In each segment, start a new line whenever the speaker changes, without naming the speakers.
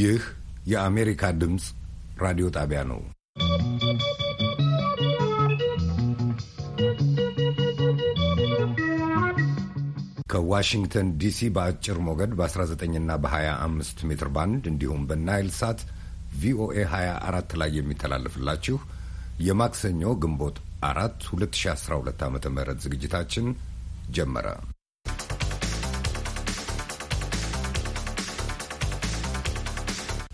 ይህ የአሜሪካ ድምፅ ራዲዮ ጣቢያ ነው። ከዋሽንግተን ዲሲ በአጭር ሞገድ በ19ና በ25 ሜትር ባንድ እንዲሁም በናይል ሳት ቪኦኤ 24 ላይ የሚተላለፍላችሁ የማክሰኞ ግንቦት አራት 2012 ዓ ም ዝግጅታችን ጀመረ።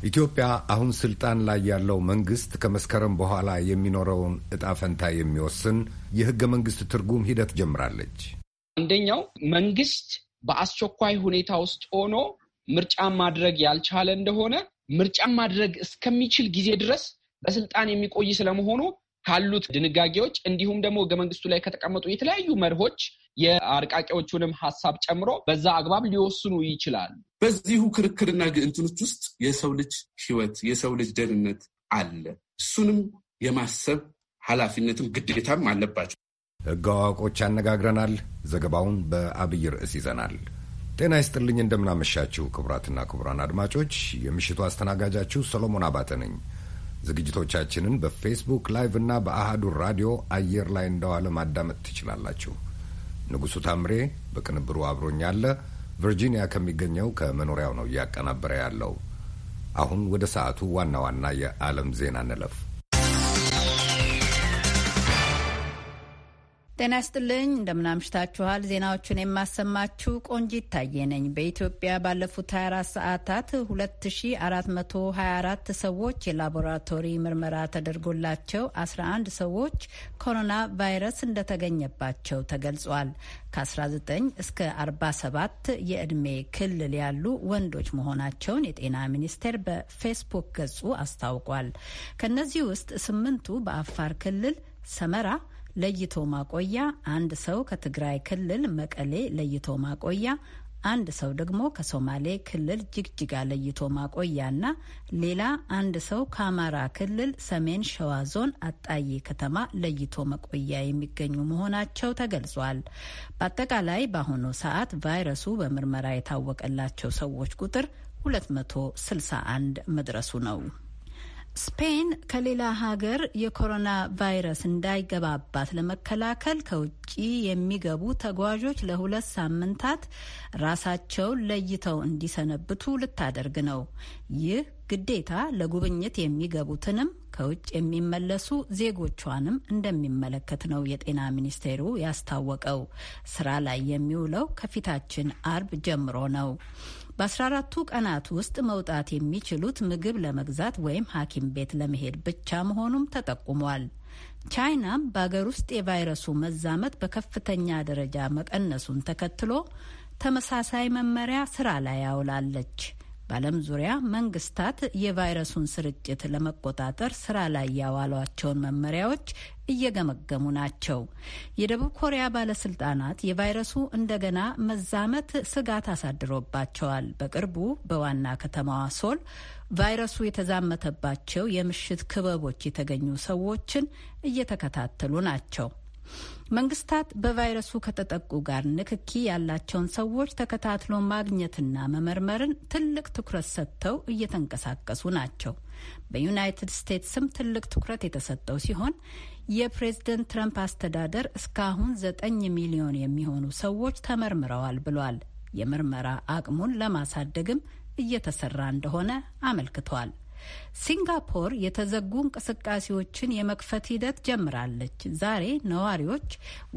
ኢትዮጵያ አሁን ስልጣን ላይ ያለው መንግስት ከመስከረም በኋላ የሚኖረውን እጣ ፈንታ የሚወስን የህገ መንግስት ትርጉም ሂደት ጀምራለች።
አንደኛው መንግስት በአስቸኳይ ሁኔታ ውስጥ ሆኖ ምርጫ ማድረግ ያልቻለ እንደሆነ ምርጫ ማድረግ እስከሚችል ጊዜ ድረስ በስልጣን የሚቆይ ስለመሆኑ ካሉት ድንጋጌዎች እንዲሁም ደግሞ ህገ መንግስቱ ላይ ከተቀመጡ የተለያዩ መርሆች የአርቃቂዎቹንም ሀሳብ ጨምሮ በዛ አግባብ ሊወስኑ ይችላል
በዚሁ ክርክርና ግእንትኖች ውስጥ የሰው ልጅ ህይወት የሰው ልጅ ደህንነት አለ። እሱንም የማሰብ ኃላፊነትም ግዴታም
አለባቸው። ህግ አዋቆች ያነጋግረናል። ዘገባውን በአብይ ርዕስ ይዘናል። ጤና ይስጥልኝ። እንደምናመሻችሁ ክቡራትና ክቡራን አድማጮች የምሽቱ አስተናጋጃችሁ ሰሎሞን አባተ ነኝ። ዝግጅቶቻችንን በፌስቡክ ላይቭ እና በአሃዱ ራዲዮ አየር ላይ እንደዋለ ማዳመጥ ትችላላችሁ። ንጉሡ ታምሬ በቅንብሩ አብሮኛለ። ቨርጂኒያ ከሚገኘው ከመኖሪያው ነው እያቀናበረ ያለው። አሁን ወደ ሰዓቱ ዋና ዋና የዓለም ዜና እንለፍ።
ጤና ይስጥልኝ እንደምናምሽታችኋል። ዜናዎቹን የማሰማችሁ ቆንጂ ይታየ ነኝ። በኢትዮጵያ ባለፉት 24 ሰዓታት 2424 ሰዎች የላቦራቶሪ ምርመራ ተደርጎላቸው 11 ሰዎች ኮሮና ቫይረስ እንደተገኘባቸው ተገልጿል። ከ19 እስከ 47 የዕድሜ ክልል ያሉ ወንዶች መሆናቸውን የጤና ሚኒስቴር በፌስቡክ ገጹ አስታውቋል። ከእነዚህ ውስጥ ስምንቱ በአፋር ክልል ሰመራ ለይቶ ማቆያ አንድ ሰው ከትግራይ ክልል መቀሌ ለይቶ ማቆያ አንድ ሰው ደግሞ ከሶማሌ ክልል ጅግጅጋ ለይቶ ማቆያና ሌላ አንድ ሰው ከአማራ ክልል ሰሜን ሸዋ ዞን አጣዬ ከተማ ለይቶ መቆያ የሚገኙ መሆናቸው ተገልጿል። በአጠቃላይ በአሁኑ ሰዓት ቫይረሱ በምርመራ የታወቀላቸው ሰዎች ቁጥር 261 መድረሱ ነው። ስፔን ከሌላ ሀገር የኮሮና ቫይረስ እንዳይገባባት ለመከላከል ከውጭ የሚገቡ ተጓዦች ለሁለት ሳምንታት ራሳቸውን ለይተው እንዲሰነብቱ ልታደርግ ነው። ይህ ግዴታ ለጉብኝት የሚገቡትንም ከውጭ የሚመለሱ ዜጎቿንም እንደሚመለከት ነው የጤና ሚኒስቴሩ ያስታወቀው። ስራ ላይ የሚውለው ከፊታችን አርብ ጀምሮ ነው። በ14ቱ ቀናት ውስጥ መውጣት የሚችሉት ምግብ ለመግዛት ወይም ሐኪም ቤት ለመሄድ ብቻ መሆኑም ተጠቁሟል። ቻይናም በአገር ውስጥ የቫይረሱ መዛመት በከፍተኛ ደረጃ መቀነሱን ተከትሎ ተመሳሳይ መመሪያ ስራ ላይ ያውላለች። በዓለም ዙሪያ መንግስታት የቫይረሱን ስርጭት ለመቆጣጠር ስራ ላይ ያዋሏቸውን መመሪያዎች እየገመገሙ ናቸው። የደቡብ ኮሪያ ባለስልጣናት የቫይረሱ እንደገና መዛመት ስጋት አሳድሮባቸዋል። በቅርቡ በዋና ከተማዋ ሶል ቫይረሱ የተዛመተባቸው የምሽት ክበቦች የተገኙ ሰዎችን እየተከታተሉ ናቸው። መንግስታት በቫይረሱ ከተጠቁ ጋር ንክኪ ያላቸውን ሰዎች ተከታትሎ ማግኘትና መመርመርን ትልቅ ትኩረት ሰጥተው እየተንቀሳቀሱ ናቸው። በዩናይትድ ስቴትስም ትልቅ ትኩረት የተሰጠው ሲሆን የፕሬዝደንት ትረምፕ አስተዳደር እስካሁን ዘጠኝ ሚሊዮን የሚሆኑ ሰዎች ተመርምረዋል ብሏል። የምርመራ አቅሙን ለማሳደግም እየተሰራ እንደሆነ አመልክቷል። ሲንጋፖር የተዘጉ እንቅስቃሴዎችን የመክፈት ሂደት ጀምራለች። ዛሬ ነዋሪዎች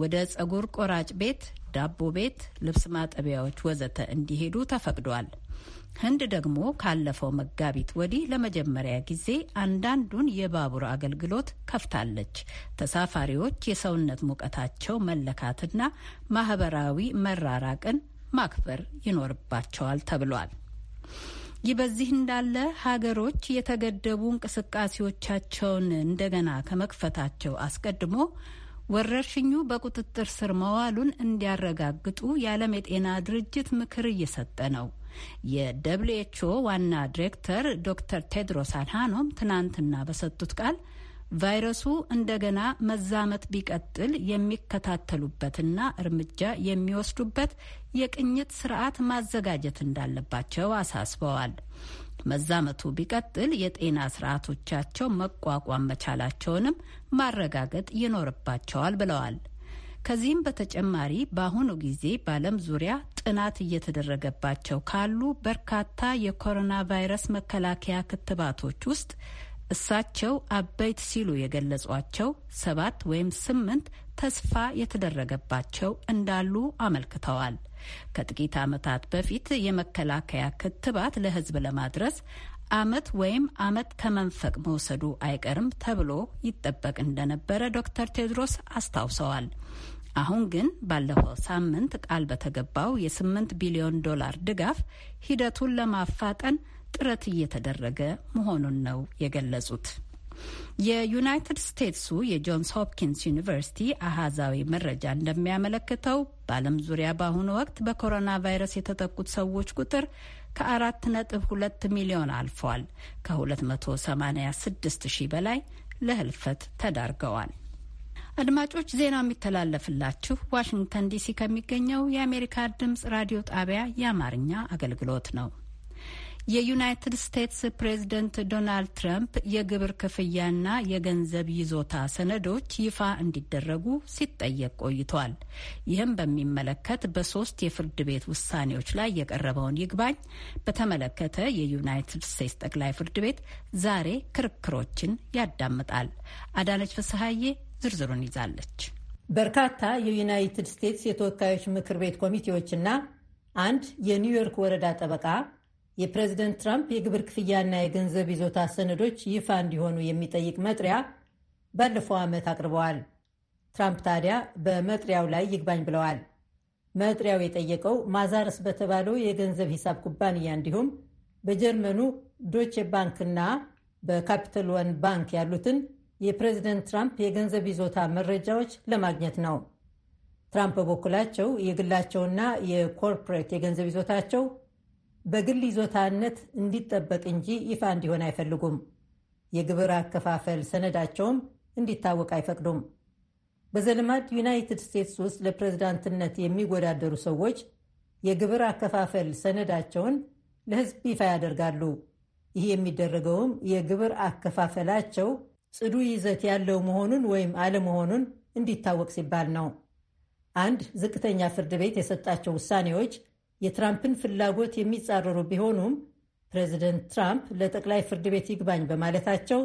ወደ ጸጉር ቆራጭ ቤት፣ ዳቦ ቤት፣ ልብስ ማጠቢያዎች ወዘተ እንዲሄዱ ተፈቅዷል። ህንድ ደግሞ ካለፈው መጋቢት ወዲህ ለመጀመሪያ ጊዜ አንዳንዱን የባቡር አገልግሎት ከፍታለች። ተሳፋሪዎች የሰውነት ሙቀታቸው መለካትና ማህበራዊ መራራቅን ማክበር ይኖርባቸዋል ተብሏል። ይህ በዚህ እንዳለ ሀገሮች የተገደቡ እንቅስቃሴዎቻቸውን እንደገና ከመክፈታቸው አስቀድሞ ወረርሽኙ በቁጥጥር ስር መዋሉን እንዲያረጋግጡ የዓለም የጤና ድርጅት ምክር እየሰጠ ነው። የደብሊው ዋና ዲሬክተር ዶክተር ቴድሮስ አድሃኖም ትናንትና በሰጡት ቃል ቫይረሱ እንደገና መዛመት ቢቀጥል የሚከታተሉበትና እርምጃ የሚወስዱበት የቅኝት ስርዓት ማዘጋጀት እንዳለባቸው አሳስበዋል። መዛመቱ ቢቀጥል የጤና ስርዓቶቻቸው መቋቋም መቻላቸውንም ማረጋገጥ ይኖርባቸዋል ብለዋል። ከዚህም በተጨማሪ በአሁኑ ጊዜ በዓለም ዙሪያ ጥናት እየተደረገባቸው ካሉ በርካታ የኮሮና ቫይረስ መከላከያ ክትባቶች ውስጥ እሳቸው አበይት ሲሉ የገለጿቸው ሰባት ወይም ስምንት ተስፋ የተደረገባቸው እንዳሉ አመልክተዋል። ከጥቂት ዓመታት በፊት የመከላከያ ክትባት ለሕዝብ ለማድረስ አመት ወይም አመት ከመንፈቅ መውሰዱ አይቀርም ተብሎ ይጠበቅ እንደነበረ ዶክተር ቴድሮስ አስታውሰዋል። አሁን ግን ባለፈው ሳምንት ቃል በተገባው የስምንት ቢሊዮን ዶላር ድጋፍ ሂደቱን ለማፋጠን ጥረት እየተደረገ መሆኑን ነው የገለጹት። የዩናይትድ ስቴትሱ የጆንስ ሆፕኪንስ ዩኒቨርሲቲ አሃዛዊ መረጃ እንደሚያመለክተው በዓለም ዙሪያ በአሁኑ ወቅት በኮሮና ቫይረስ የተጠቁት ሰዎች ቁጥር ከአራት ነጥብ ሁለት ሚሊዮን አልፏል። ከ286 ሺህ በላይ ለህልፈት ተዳርገዋል። አድማጮች ዜናው የሚተላለፍላችሁ ዋሽንግተን ዲሲ ከሚገኘው የአሜሪካ ድምጽ ራዲዮ ጣቢያ የአማርኛ አገልግሎት ነው። የዩናይትድ ስቴትስ ፕሬዝደንት ዶናልድ ትራምፕ የግብር ክፍያና የገንዘብ ይዞታ ሰነዶች ይፋ እንዲደረጉ ሲጠየቅ ቆይቷል። ይህም በሚመለከት በሶስት የፍርድ ቤት ውሳኔዎች ላይ የቀረበውን ይግባኝ በተመለከተ የዩናይትድ ስቴትስ ጠቅላይ ፍርድ ቤት ዛሬ ክርክሮችን ያዳምጣል። አዳነች ፍስሀዬ ዝርዝሩን ይዛለች።
በርካታ የዩናይትድ ስቴትስ የተወካዮች ምክር ቤት ኮሚቴዎችና አንድ የኒውዮርክ ወረዳ ጠበቃ የፕሬዝደንት ትራምፕ የግብር ክፍያና የገንዘብ ይዞታ ሰነዶች ይፋ እንዲሆኑ የሚጠይቅ መጥሪያ ባለፈው ዓመት አቅርበዋል። ትራምፕ ታዲያ በመጥሪያው ላይ ይግባኝ ብለዋል። መጥሪያው የጠየቀው ማዛርስ በተባለው የገንዘብ ሂሳብ ኩባንያ እንዲሁም በጀርመኑ ዶቼ ባንክና በካፒታል ወን ባንክ ያሉትን የፕሬዝደንት ትራምፕ የገንዘብ ይዞታ መረጃዎች ለማግኘት ነው። ትራምፕ በበኩላቸው የግላቸውና የኮርፖሬት የገንዘብ ይዞታቸው በግል ይዞታነት እንዲጠበቅ እንጂ ይፋ እንዲሆን አይፈልጉም። የግብር አከፋፈል ሰነዳቸውም እንዲታወቅ አይፈቅዱም። በዘልማድ ዩናይትድ ስቴትስ ውስጥ ለፕሬዝዳንትነት የሚወዳደሩ ሰዎች የግብር አከፋፈል ሰነዳቸውን ለሕዝብ ይፋ ያደርጋሉ። ይህ የሚደረገውም የግብር አከፋፈላቸው ጽዱ ይዘት ያለው መሆኑን ወይም አለመሆኑን እንዲታወቅ ሲባል ነው። አንድ ዝቅተኛ ፍርድ ቤት የሰጣቸው ውሳኔዎች የትራምፕን ፍላጎት የሚጻረሩ ቢሆኑም ፕሬዚደንት ትራምፕ ለጠቅላይ ፍርድ ቤት ይግባኝ በማለታቸው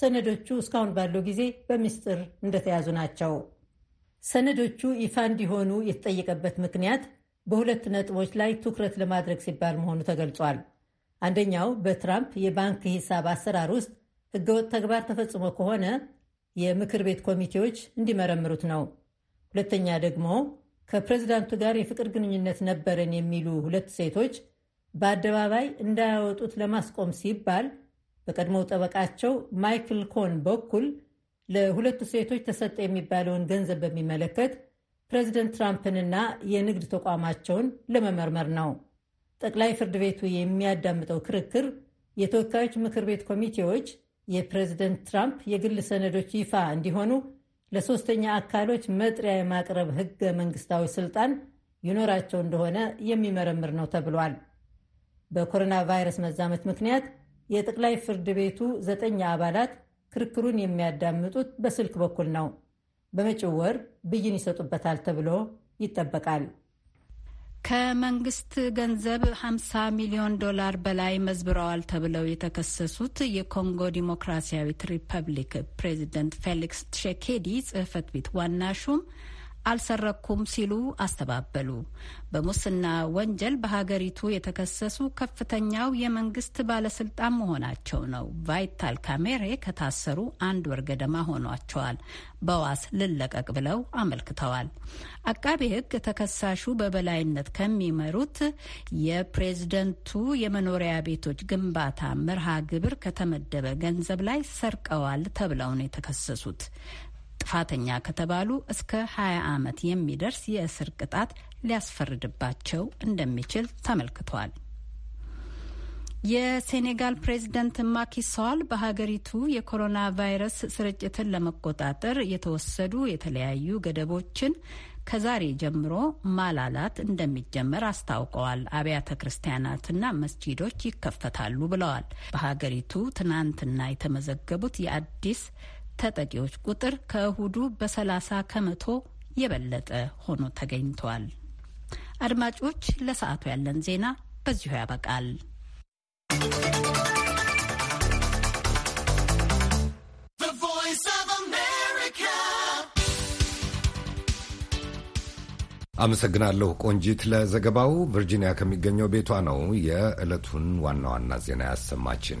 ሰነዶቹ እስካሁን ባለው ጊዜ በምስጢር እንደተያዙ ናቸው። ሰነዶቹ ይፋ እንዲሆኑ የተጠየቀበት ምክንያት በሁለት ነጥቦች ላይ ትኩረት ለማድረግ ሲባል መሆኑ ተገልጿል። አንደኛው በትራምፕ የባንክ ሂሳብ አሰራር ውስጥ ህገወጥ ተግባር ተፈጽሞ ከሆነ የምክር ቤት ኮሚቴዎች እንዲመረምሩት ነው። ሁለተኛ ደግሞ ከፕሬዚዳንቱ ጋር የፍቅር ግንኙነት ነበረን የሚሉ ሁለት ሴቶች በአደባባይ እንዳያወጡት ለማስቆም ሲባል በቀድሞው ጠበቃቸው ማይክል ኮን በኩል ለሁለቱ ሴቶች ተሰጠ የሚባለውን ገንዘብ በሚመለከት ፕሬዚደንት ትራምፕንና የንግድ ተቋማቸውን ለመመርመር ነው። ጠቅላይ ፍርድ ቤቱ የሚያዳምጠው ክርክር የተወካዮች ምክር ቤት ኮሚቴዎች የፕሬዚደንት ትራምፕ የግል ሰነዶች ይፋ እንዲሆኑ ለሶስተኛ አካሎች መጥሪያ የማቅረብ ህገ መንግስታዊ ስልጣን ይኖራቸው እንደሆነ የሚመረምር ነው ተብሏል። በኮሮና ቫይረስ መዛመት ምክንያት የጠቅላይ ፍርድ ቤቱ ዘጠኝ አባላት ክርክሩን የሚያዳምጡት በስልክ በኩል ነው። በመጪው
ወር ብይን ይሰጡበታል ተብሎ ይጠበቃል። ከመንግስት ገንዘብ 50 ሚሊዮን ዶላር በላይ መዝብረዋል ተብለው የተከሰሱት የኮንጎ ዲሞክራሲያዊት ሪፐብሊክ ፕሬዚደንት ፌሊክስ ትሸኬዲ ጽህፈት ቤት ዋና ሹም አልሰረኩም ሲሉ አስተባበሉ። በሙስና ወንጀል በሀገሪቱ የተከሰሱ ከፍተኛው የመንግስት ባለስልጣን መሆናቸው ነው። ቫይታል ካሜሬ ከታሰሩ አንድ ወር ገደማ ሆኗቸዋል። በዋስ ልለቀቅ ብለው አመልክተዋል። አቃቤ ሕግ ተከሳሹ በበላይነት ከሚመሩት የፕሬዝደንቱ የመኖሪያ ቤቶች ግንባታ መርሃ ግብር ከተመደበ ገንዘብ ላይ ሰርቀዋል ተብለው ነው የተከሰሱት። ጥፋተኛ ከተባሉ እስከ 20 ዓመት የሚደርስ የእስር ቅጣት ሊያስፈርድባቸው እንደሚችል ተመልክቷል። የሴኔጋል ፕሬዝደንት ማኪሳል በሀገሪቱ የኮሮና ቫይረስ ስርጭትን ለመቆጣጠር የተወሰዱ የተለያዩ ገደቦችን ከዛሬ ጀምሮ ማላላት እንደሚጀመር አስታውቀዋል። አብያተ ክርስቲያናትና መስጂዶች ይከፈታሉ ብለዋል። በሀገሪቱ ትናንትና የተመዘገቡት የአዲስ ተጠቂዎች ቁጥር ከእሁዱ በ30 ከመቶ የበለጠ ሆኖ ተገኝቷል። አድማጮች፣ ለሰዓቱ ያለን ዜና በዚሁ ያበቃል።
አመሰግናለሁ ቆንጂት ለዘገባው። ቨርጂኒያ ከሚገኘው ቤቷ ነው የዕለቱን ዋና ዋና ዜና ያሰማችን።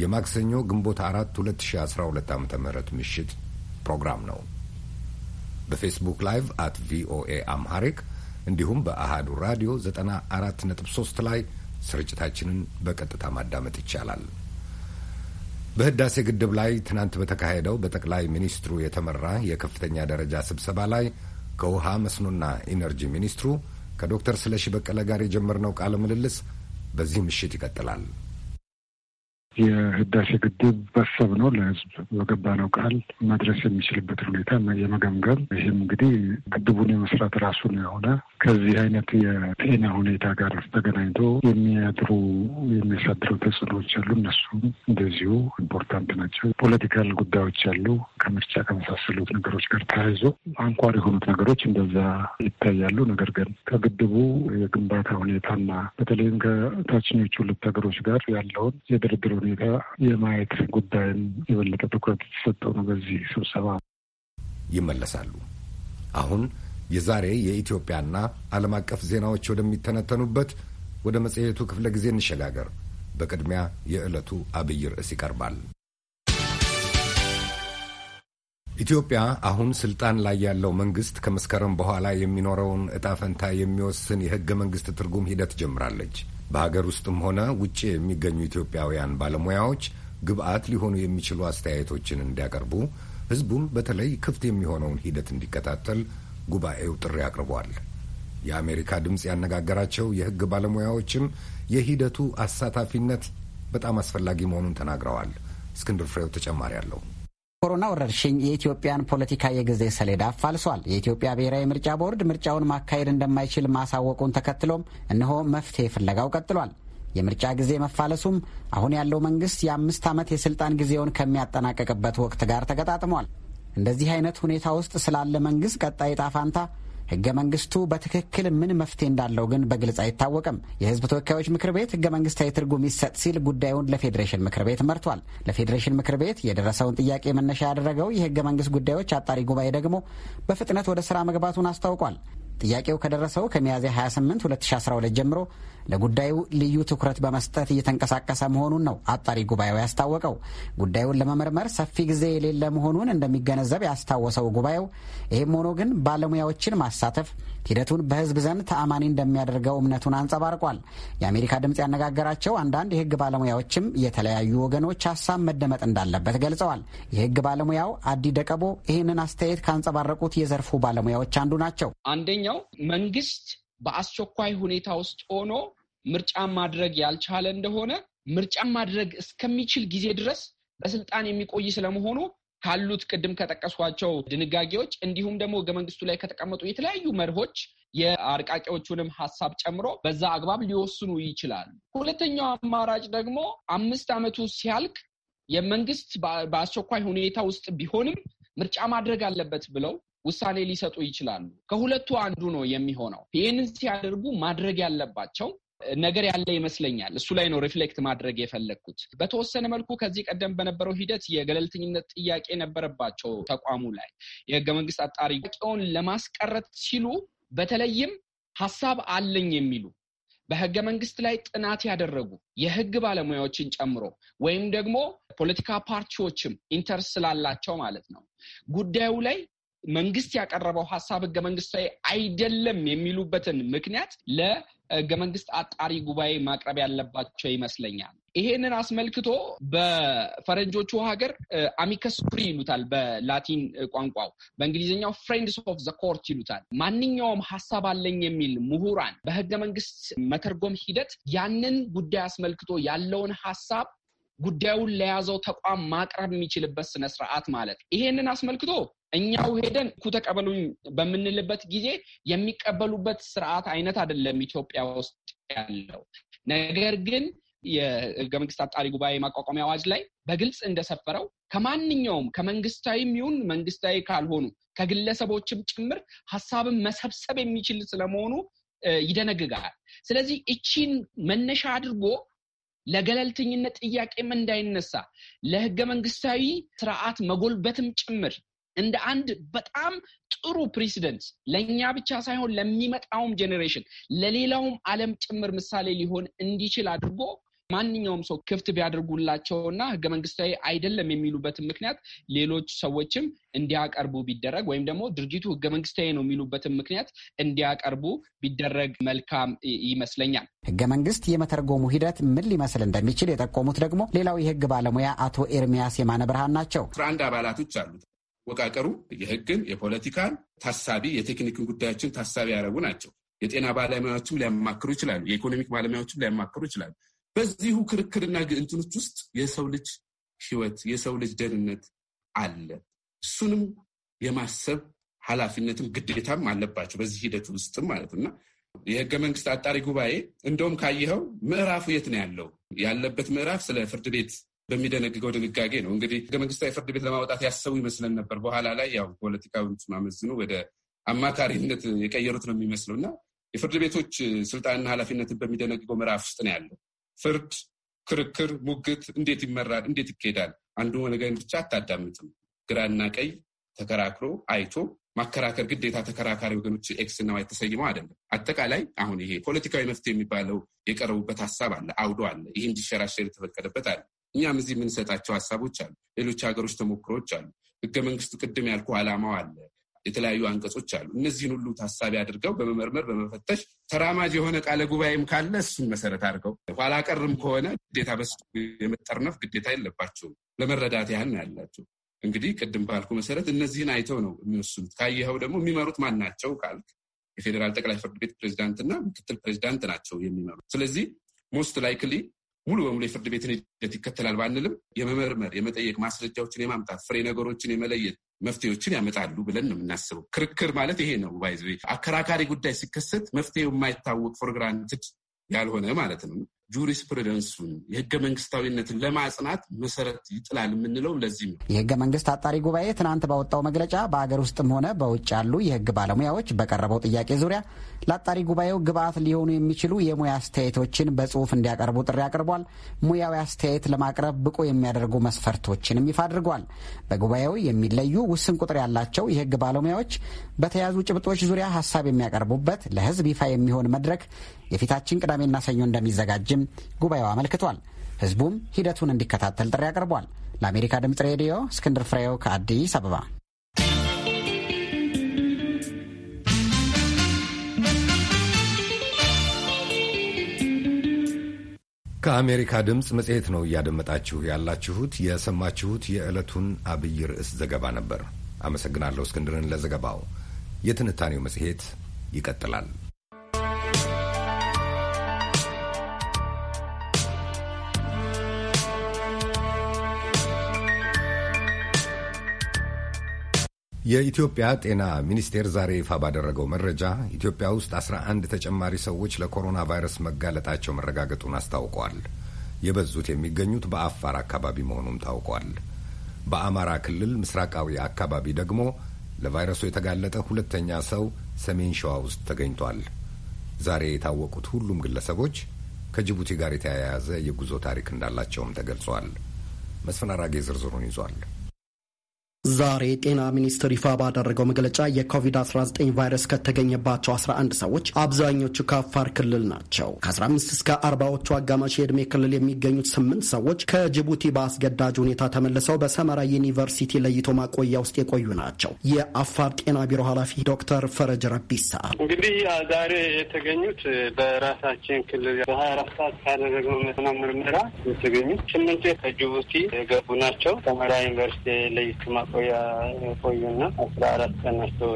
የማክሰኞ ግንቦት 4 2012 ዓ ም ምሽት ፕሮግራም ነው። በፌስቡክ ላይቭ አት ቪኦኤ አምሃሪክ እንዲሁም በአሃዱ ራዲዮ 94.3 ላይ ስርጭታችንን በቀጥታ ማዳመጥ ይቻላል። በህዳሴ ግድብ ላይ ትናንት በተካሄደው በጠቅላይ ሚኒስትሩ የተመራ የከፍተኛ ደረጃ ስብሰባ ላይ ከውሃ መስኖና ኢነርጂ ሚኒስትሩ ከዶክተር ስለሺ በቀለ ጋር የጀመርነው ቃለ ምልልስ በዚህ ምሽት ይቀጥላል። የህዳሴ ግድብ በሰብ ነው ለህዝብ በገባነው ቃል
መድረስ የሚችልበትን ሁኔታ የመገምገም ይህም እንግዲህ ግድቡን የመስራት ራሱን የሆነ ከዚህ አይነት የጤና ሁኔታ ጋር ተገናኝቶ የሚያድሩ የሚያሳድረው ተጽዕኖዎች አሉ። እነሱም እንደዚሁ ኢምፖርታንት ናቸው። ፖለቲካል ጉዳዮች አሉ። ከምርጫ ከመሳሰሉት ነገሮች ጋር ተያይዞ አንኳር የሆኑት ነገሮች እንደዛ ይታያሉ። ነገር ግን ከግድቡ የግንባታ ሁኔታና በተለይም ከታችኞቹ ሁለት ሀገሮች ጋር
ያለውን የድርድሮ ሁኔታ የማየት ጉዳይን የበለጠ ትኩረት የተሰጠው ነው በዚህ ስብሰባ። ይመለሳሉ። አሁን የዛሬ የኢትዮጵያና ዓለም አቀፍ ዜናዎች ወደሚተነተኑበት ወደ መጽሔቱ ክፍለ ጊዜ እንሸጋገር። በቅድሚያ የዕለቱ አብይ ርዕስ ይቀርባል። ኢትዮጵያ አሁን ስልጣን ላይ ያለው መንግስት ከመስከረም በኋላ የሚኖረውን እጣፈንታ ፈንታ የሚወስን የሕገ መንግሥት ትርጉም ሂደት ጀምራለች። በሀገር ውስጥም ሆነ ውጭ የሚገኙ ኢትዮጵያውያን ባለሙያዎች ግብአት ሊሆኑ የሚችሉ አስተያየቶችን እንዲያቀርቡ ህዝቡም በተለይ ክፍት የሚሆነውን ሂደት እንዲከታተል ጉባኤው ጥሪ አቅርቧል። የአሜሪካ ድምፅ ያነጋገራቸው የህግ ባለሙያዎችም የሂደቱ አሳታፊነት በጣም አስፈላጊ መሆኑን ተናግረዋል። እስክንድር ፍሬው ተጨማሪ አለው።
ኮሮና ወረርሽኝ የኢትዮጵያን ፖለቲካ የጊዜ ሰሌዳ አፋልሷል። የኢትዮጵያ ብሔራዊ ምርጫ ቦርድ ምርጫውን ማካሄድ እንደማይችል ማሳወቁን ተከትሎም እነሆ መፍትሄ ፍለጋው ቀጥሏል። የምርጫ ጊዜ መፋለሱም አሁን ያለው መንግስት የአምስት ዓመት የስልጣን ጊዜውን ከሚያጠናቀቅበት ወቅት ጋር ተገጣጥሟል። እንደዚህ አይነት ሁኔታ ውስጥ ስላለ መንግስት ቀጣይ ጣፋንታ ህገ መንግስቱ በትክክል ምን መፍትሄ እንዳለው ግን በግልጽ አይታወቅም። የህዝብ ተወካዮች ምክር ቤት ህገ መንግስታዊ ትርጉም ይሰጥ ሲል ጉዳዩን ለፌዴሬሽን ምክር ቤት መርቷል። ለፌዴሬሽን ምክር ቤት የደረሰውን ጥያቄ መነሻ ያደረገው የህገ መንግስት ጉዳዮች አጣሪ ጉባኤ ደግሞ በፍጥነት ወደ ስራ መግባቱን አስታውቋል። ጥያቄው ከደረሰው ከሚያዝያ 28 2012 ጀምሮ ለጉዳዩ ልዩ ትኩረት በመስጠት እየተንቀሳቀሰ መሆኑን ነው አጣሪ ጉባኤው ያስታወቀው። ጉዳዩን ለመመርመር ሰፊ ጊዜ የሌለ መሆኑን እንደሚገነዘብ ያስታወሰው ጉባኤው ይህም ሆኖ ግን ባለሙያዎችን ማሳተፍ ሂደቱን በህዝብ ዘንድ ተአማኒ እንደሚያደርገው እምነቱን አንጸባርቋል። የአሜሪካ ድምፅ ያነጋገራቸው አንዳንድ የህግ ባለሙያዎችም የተለያዩ ወገኖች ሀሳብ መደመጥ እንዳለበት ገልጸዋል። የህግ ባለሙያው አዲ ደቀቦ ይህንን አስተያየት ካንጸባረቁት የዘርፉ ባለሙያዎች አንዱ ናቸው።
አንደኛው መንግስት በአስቸኳይ ሁኔታ ውስጥ ሆኖ ምርጫ ማድረግ ያልቻለ እንደሆነ ምርጫ ማድረግ እስከሚችል ጊዜ ድረስ በስልጣን የሚቆይ ስለመሆኑ ካሉት ቅድም ከጠቀሷቸው ድንጋጌዎች እንዲሁም ደግሞ ህገ መንግስቱ ላይ ከተቀመጡ የተለያዩ መርሆች የአርቃቂዎቹንም ሀሳብ ጨምሮ በዛ አግባብ ሊወስኑ ይችላሉ። ሁለተኛው አማራጭ ደግሞ አምስት ዓመቱ ሲያልቅ የመንግስት በአስቸኳይ ሁኔታ ውስጥ ቢሆንም ምርጫ ማድረግ አለበት ብለው ውሳኔ ሊሰጡ ይችላሉ። ከሁለቱ አንዱ ነው የሚሆነው። ይህንን ሲያደርጉ ማድረግ ያለባቸው ነገር ያለ ይመስለኛል። እሱ ላይ ነው ሪፍሌክት ማድረግ የፈለግኩት። በተወሰነ መልኩ ከዚህ ቀደም በነበረው ሂደት የገለልተኝነት ጥያቄ ነበረባቸው ተቋሙ ላይ የህገ መንግስት አጣሪ ቂውን ለማስቀረት ሲሉ በተለይም ሀሳብ አለኝ የሚሉ በህገ መንግስት ላይ ጥናት ያደረጉ የህግ ባለሙያዎችን ጨምሮ ወይም ደግሞ ፖለቲካ ፓርቲዎችም ኢንተርስ ስላላቸው ማለት ነው ጉዳዩ ላይ መንግስት ያቀረበው ሀሳብ ህገ መንግስታዊ አይደለም የሚሉበትን ምክንያት ለህገ መንግስት አጣሪ ጉባኤ ማቅረብ ያለባቸው ይመስለኛል። ይሄንን አስመልክቶ በፈረንጆቹ ሀገር አሚከስ ኩሪ ይሉታል፣ በላቲን ቋንቋው በእንግሊዝኛው ፍሬንድስ ኦፍ ዘ ኮርት ይሉታል። ማንኛውም ሀሳብ አለኝ የሚል ምሁራን በህገ መንግስት መተርጎም ሂደት ያንን ጉዳይ አስመልክቶ ያለውን ሀሳብ ጉዳዩን ለያዘው ተቋም ማቅረብ የሚችልበት ስነስርዓት ማለት ነው። ይሄንን አስመልክቶ እኛው ሄደን እኩ ተቀበሉኝ በምንልበት ጊዜ የሚቀበሉበት ስርዓት አይነት አይደለም ኢትዮጵያ ውስጥ ያለው። ነገር ግን የህገ መንግስት አጣሪ ጉባኤ ማቋቋሚያ አዋጅ ላይ በግልጽ እንደሰፈረው ከማንኛውም ከመንግስታዊም ይሁን መንግስታዊ ካልሆኑ ከግለሰቦችም ጭምር ሀሳብን መሰብሰብ የሚችል ስለመሆኑ ይደነግጋል። ስለዚህ እቺን መነሻ አድርጎ ለገለልተኝነት ጥያቄም እንዳይነሳ ለህገ መንግስታዊ ስርዓት መጎልበትም ጭምር እንደ አንድ በጣም ጥሩ ፕሬሲደንት ለእኛ ብቻ ሳይሆን ለሚመጣውም ጄኔሬሽን ለሌላውም ዓለም ጭምር ምሳሌ ሊሆን እንዲችል አድርጎ ማንኛውም ሰው ክፍት ቢያደርጉላቸውና ህገ መንግስታዊ አይደለም የሚሉበትን ምክንያት ሌሎች ሰዎችም እንዲያቀርቡ ቢደረግ ወይም ደግሞ ድርጅቱ ህገ መንግስታዊ ነው የሚሉበትን ምክንያት እንዲያቀርቡ ቢደረግ መልካም ይመስለኛል።
ህገ መንግስት የመተርጎሙ ሂደት ምን ሊመስል እንደሚችል የጠቆሙት ደግሞ ሌላው የህግ ባለሙያ አቶ ኤርሚያስ የማነ ብርሃን ናቸው።
አስራ አንድ አባላቶች አሉት። አወቃቀሩ የህግን፣ የፖለቲካን ታሳቢ የቴክኒክን ጉዳዮችን ታሳቢ ያደረጉ ናቸው። የጤና ባለሙያዎችም ሊያማክሩ ይችላሉ። የኢኮኖሚክ ባለሙያዎችም ሊያማክሩ ይችላሉ። በዚሁ ክርክርና ግእንትኖች ውስጥ የሰው ልጅ ህይወት፣ የሰው ልጅ ደህንነት አለ። እሱንም የማሰብ ኃላፊነትም ግዴታም አለባቸው በዚህ ሂደት ውስጥም ማለት እና የህገ መንግስት አጣሪ ጉባኤ እንደውም ካየኸው ምዕራፉ የት ነው ያለው? ያለበት ምዕራፍ ስለ ፍርድ ቤት በሚደነግገው ድንጋጌ ነው። እንግዲህ ህገ መንግስታዊ ፍርድ ቤት ለማውጣት ያሰቡ ይመስለን ነበር። በኋላ ላይ ያው ፖለቲካዊ አመዝኖ ወደ አማካሪነት የቀየሩት ነው የሚመስለው እና የፍርድ ቤቶች ስልጣንና ኃላፊነትን በሚደነግገው ምዕራፍ ውስጥ ነው ያለው። ፍርድ፣ ክርክር፣ ሙግት እንዴት ይመራል? እንዴት ይካሄዳል? አንዱ ወገን ብቻ አታዳምጥም። ግራና ቀይ ተከራክሮ አይቶ ማከራከር ግዴታ ተከራካሪ ወገኖች ኤክስ እና ዋይ ተሰይመው አይደለም። አጠቃላይ አሁን ይሄ ፖለቲካዊ መፍትሄ የሚባለው የቀረቡበት ሀሳብ አለ፣ አውዶ አለ፣ ይህ እንዲሸራሸር የተፈቀደበት አለ። እኛም እዚህ የምንሰጣቸው ሀሳቦች አሉ። ሌሎች ሀገሮች ተሞክሮዎች አሉ። ህገ መንግስቱ ቅድም ያልኩ አላማው አለ። የተለያዩ አንቀጾች አሉ። እነዚህን ሁሉ ታሳቢ አድርገው በመመርመር በመፈተሽ ተራማጅ የሆነ ቃለ ጉባኤም ካለ እሱን መሰረት አድርገው ኋላ ቀርም ከሆነ ግዴታ በሱ የመጠርነፍ ግዴታ የለባቸውም። ለመረዳት ያህል ነው ያላቸው። እንግዲህ ቅድም ባልኩ መሰረት እነዚህን አይተው ነው የሚወስኑት። ካየኸው ደግሞ የሚመሩት ማን ናቸው ካልክ የፌዴራል ጠቅላይ ፍርድ ቤት ፕሬዚዳንትና ምክትል ፕሬዚዳንት ናቸው የሚመሩት። ስለዚህ ሞስት ላይክሊ ሙሉ በሙሉ የፍርድ ቤትን ሂደት ይከተላል ባንልም የመመርመር የመጠየቅ ማስረጃዎችን የማምጣት ፍሬ ነገሮችን የመለየት መፍትሄዎችን ያመጣሉ ብለን ነው የምናስበው። ክርክር ማለት ይሄ ነው። ባይዘ አከራካሪ ጉዳይ ሲከሰት መፍትሄው የማይታወቅ ፎር ያልሆነ ማለት ነው። ጁሪስፕሩደንሱን የህገ መንግስታዊነትን ለማጽናት መሰረት ይጥላል የምንለው ለዚህ ነው።
የህገ መንግስት አጣሪ ጉባኤ ትናንት ባወጣው መግለጫ በአገር ውስጥም ሆነ በውጭ ያሉ የህግ ባለሙያዎች በቀረበው ጥያቄ ዙሪያ ለአጣሪ ጉባኤው ግብአት ሊሆኑ የሚችሉ የሙያ አስተያየቶችን በጽሁፍ እንዲያቀርቡ ጥሪ አቅርቧል። ሙያዊ አስተያየት ለማቅረብ ብቁ የሚያደርጉ መስፈርቶችንም ይፋ አድርጓል። በጉባኤው የሚለዩ ውስን ቁጥር ያላቸው የህግ ባለሙያዎች በተያዙ ጭብጦች ዙሪያ ሀሳብ የሚያቀርቡበት ለህዝብ ይፋ የሚሆን መድረክ የፊታችን ቅዳሜና ሰኞ እንደሚዘጋጅም ጉባኤው አመልክቷል። ህዝቡም ሂደቱን እንዲከታተል ጥሪ አቅርቧል። ለአሜሪካ ድምፅ ሬዲዮ እስክንድር ፍሬው ከአዲስ አበባ።
ከአሜሪካ ድምፅ መጽሔት ነው እያደመጣችሁ ያላችሁት። የሰማችሁት የዕለቱን አብይ ርዕስ ዘገባ ነበር። አመሰግናለሁ እስክንድርን ለዘገባው። የትንታኔው መጽሔት ይቀጥላል። የኢትዮጵያ ጤና ሚኒስቴር ዛሬ ይፋ ባደረገው መረጃ ኢትዮጵያ ውስጥ አስራ አንድ ተጨማሪ ሰዎች ለኮሮና ቫይረስ መጋለጣቸው መረጋገጡን አስታውቋል። የበዙት የሚገኙት በአፋር አካባቢ መሆኑም ታውቋል። በአማራ ክልል ምስራቃዊ አካባቢ ደግሞ ለቫይረሱ የተጋለጠ ሁለተኛ ሰው ሰሜን ሸዋ ውስጥ ተገኝቷል። ዛሬ የታወቁት ሁሉም ግለሰቦች ከጅቡቲ ጋር የተያያዘ የጉዞ ታሪክ እንዳላቸውም ተገልጿል። መስፍን አራጌ ዝርዝሩን ይዟል።
ዛሬ ጤና ሚኒስቴር ይፋ ባደረገው መግለጫ የኮቪድ-19 ቫይረስ ከተገኘባቸው 11 ሰዎች አብዛኞቹ ከአፋር ክልል ናቸው። ከ15 እስከ 40ዎቹ አጋማሽ የዕድሜ ክልል የሚገኙት ስምንት ሰዎች ከጅቡቲ በአስገዳጅ ሁኔታ ተመልሰው በሰመራ ዩኒቨርሲቲ ለይቶ ማቆያ ውስጥ የቆዩ ናቸው። የአፋር ጤና ቢሮ ኃላፊ ዶክተር ፈረጅ ረቢሳ
እንግዲህ ዛሬ የተገኙት በራሳችን ክልል በ24 ሰዓት ካደረግነው ምርመራ የተገኙት ስምንቱ ከጅቡቲ የገቡ ናቸው። ሰመራ ዩኒቨርሲቲ ለይቶ
የቆዩና አስራ አራት ቀን ናቸው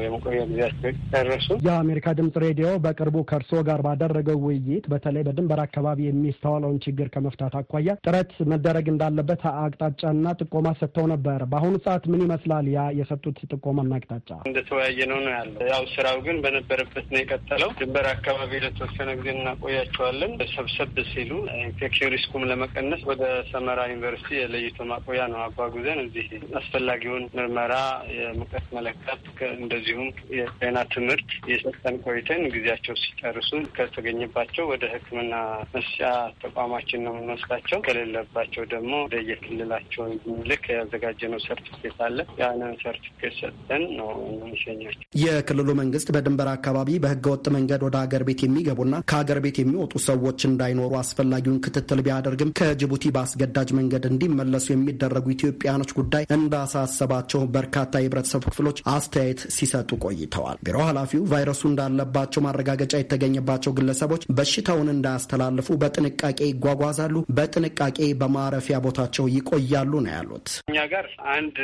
ጊዜያቸው ደረሱ። የአሜሪካ ድምጽ ሬዲዮ በቅርቡ ከእርስዎ ጋር ባደረገው ውይይት በተለይ በድንበር አካባቢ የሚስተዋለውን ችግር ከመፍታት አኳያ ጥረት መደረግ እንዳለበት አቅጣጫና ጥቆማ ሰጥተው ነበር። በአሁኑ ሰዓት ምን ይመስላል ያ የሰጡት ጥቆማና አቅጣጫ?
እንደተወያየ ነው ነው ያለው። ያው ስራው ግን በነበረበት ነው የቀጠለው። ድንበር አካባቢ ለተወሰነ ጊዜ እናቆያቸዋለን። ሰብሰብ ሲሉ ኢንፌክሽን ሪስኩም ለመቀነስ ወደ ሰመራ ዩኒቨርሲቲ የለይቶ ማቆያ ነው አጓጉዘን እዚህ አስፈላጊውን ምርመራ፣ የሙቀት መለካት እንደዚሁም የጤና ትምህርት የሰጠን ቆይተን ጊዜያቸው ሲጨርሱ ከተገኘባቸው ወደ ሕክምና መስጫ ተቋማችን ነው የምንወስዳቸው። ከሌለባቸው ደግሞ ወደ የክልላቸው ልክ ያዘጋጀነው ሰርቲፊኬት አለ። ያንን ሰርቲፊኬት ሰጠን ነው የምንሸኛቸው።
የክልሉ መንግስት በድንበር አካባቢ በህገወጥ መንገድ ወደ ሀገር ቤት የሚገቡና ከሀገር ቤት የሚወጡ ሰዎች እንዳይኖሩ አስፈላጊውን ክትትል ቢያደርግም ከጅቡቲ በአስገዳጅ መንገድ እንዲመለሱ የሚደረጉ ኢትዮጵያኖች ጉዳይ እንዳሳሰባ እንዳለባቸው በርካታ የህብረተሰብ ክፍሎች አስተያየት ሲሰጡ ቆይተዋል። ቢሮ ኃላፊው ቫይረሱ እንዳለባቸው ማረጋገጫ የተገኘባቸው ግለሰቦች በሽታውን እንዳያስተላልፉ በጥንቃቄ ይጓጓዛሉ፣ በጥንቃቄ በማረፊያ ቦታቸው ይቆያሉ ነው ያሉት።
እኛ ጋር አንድ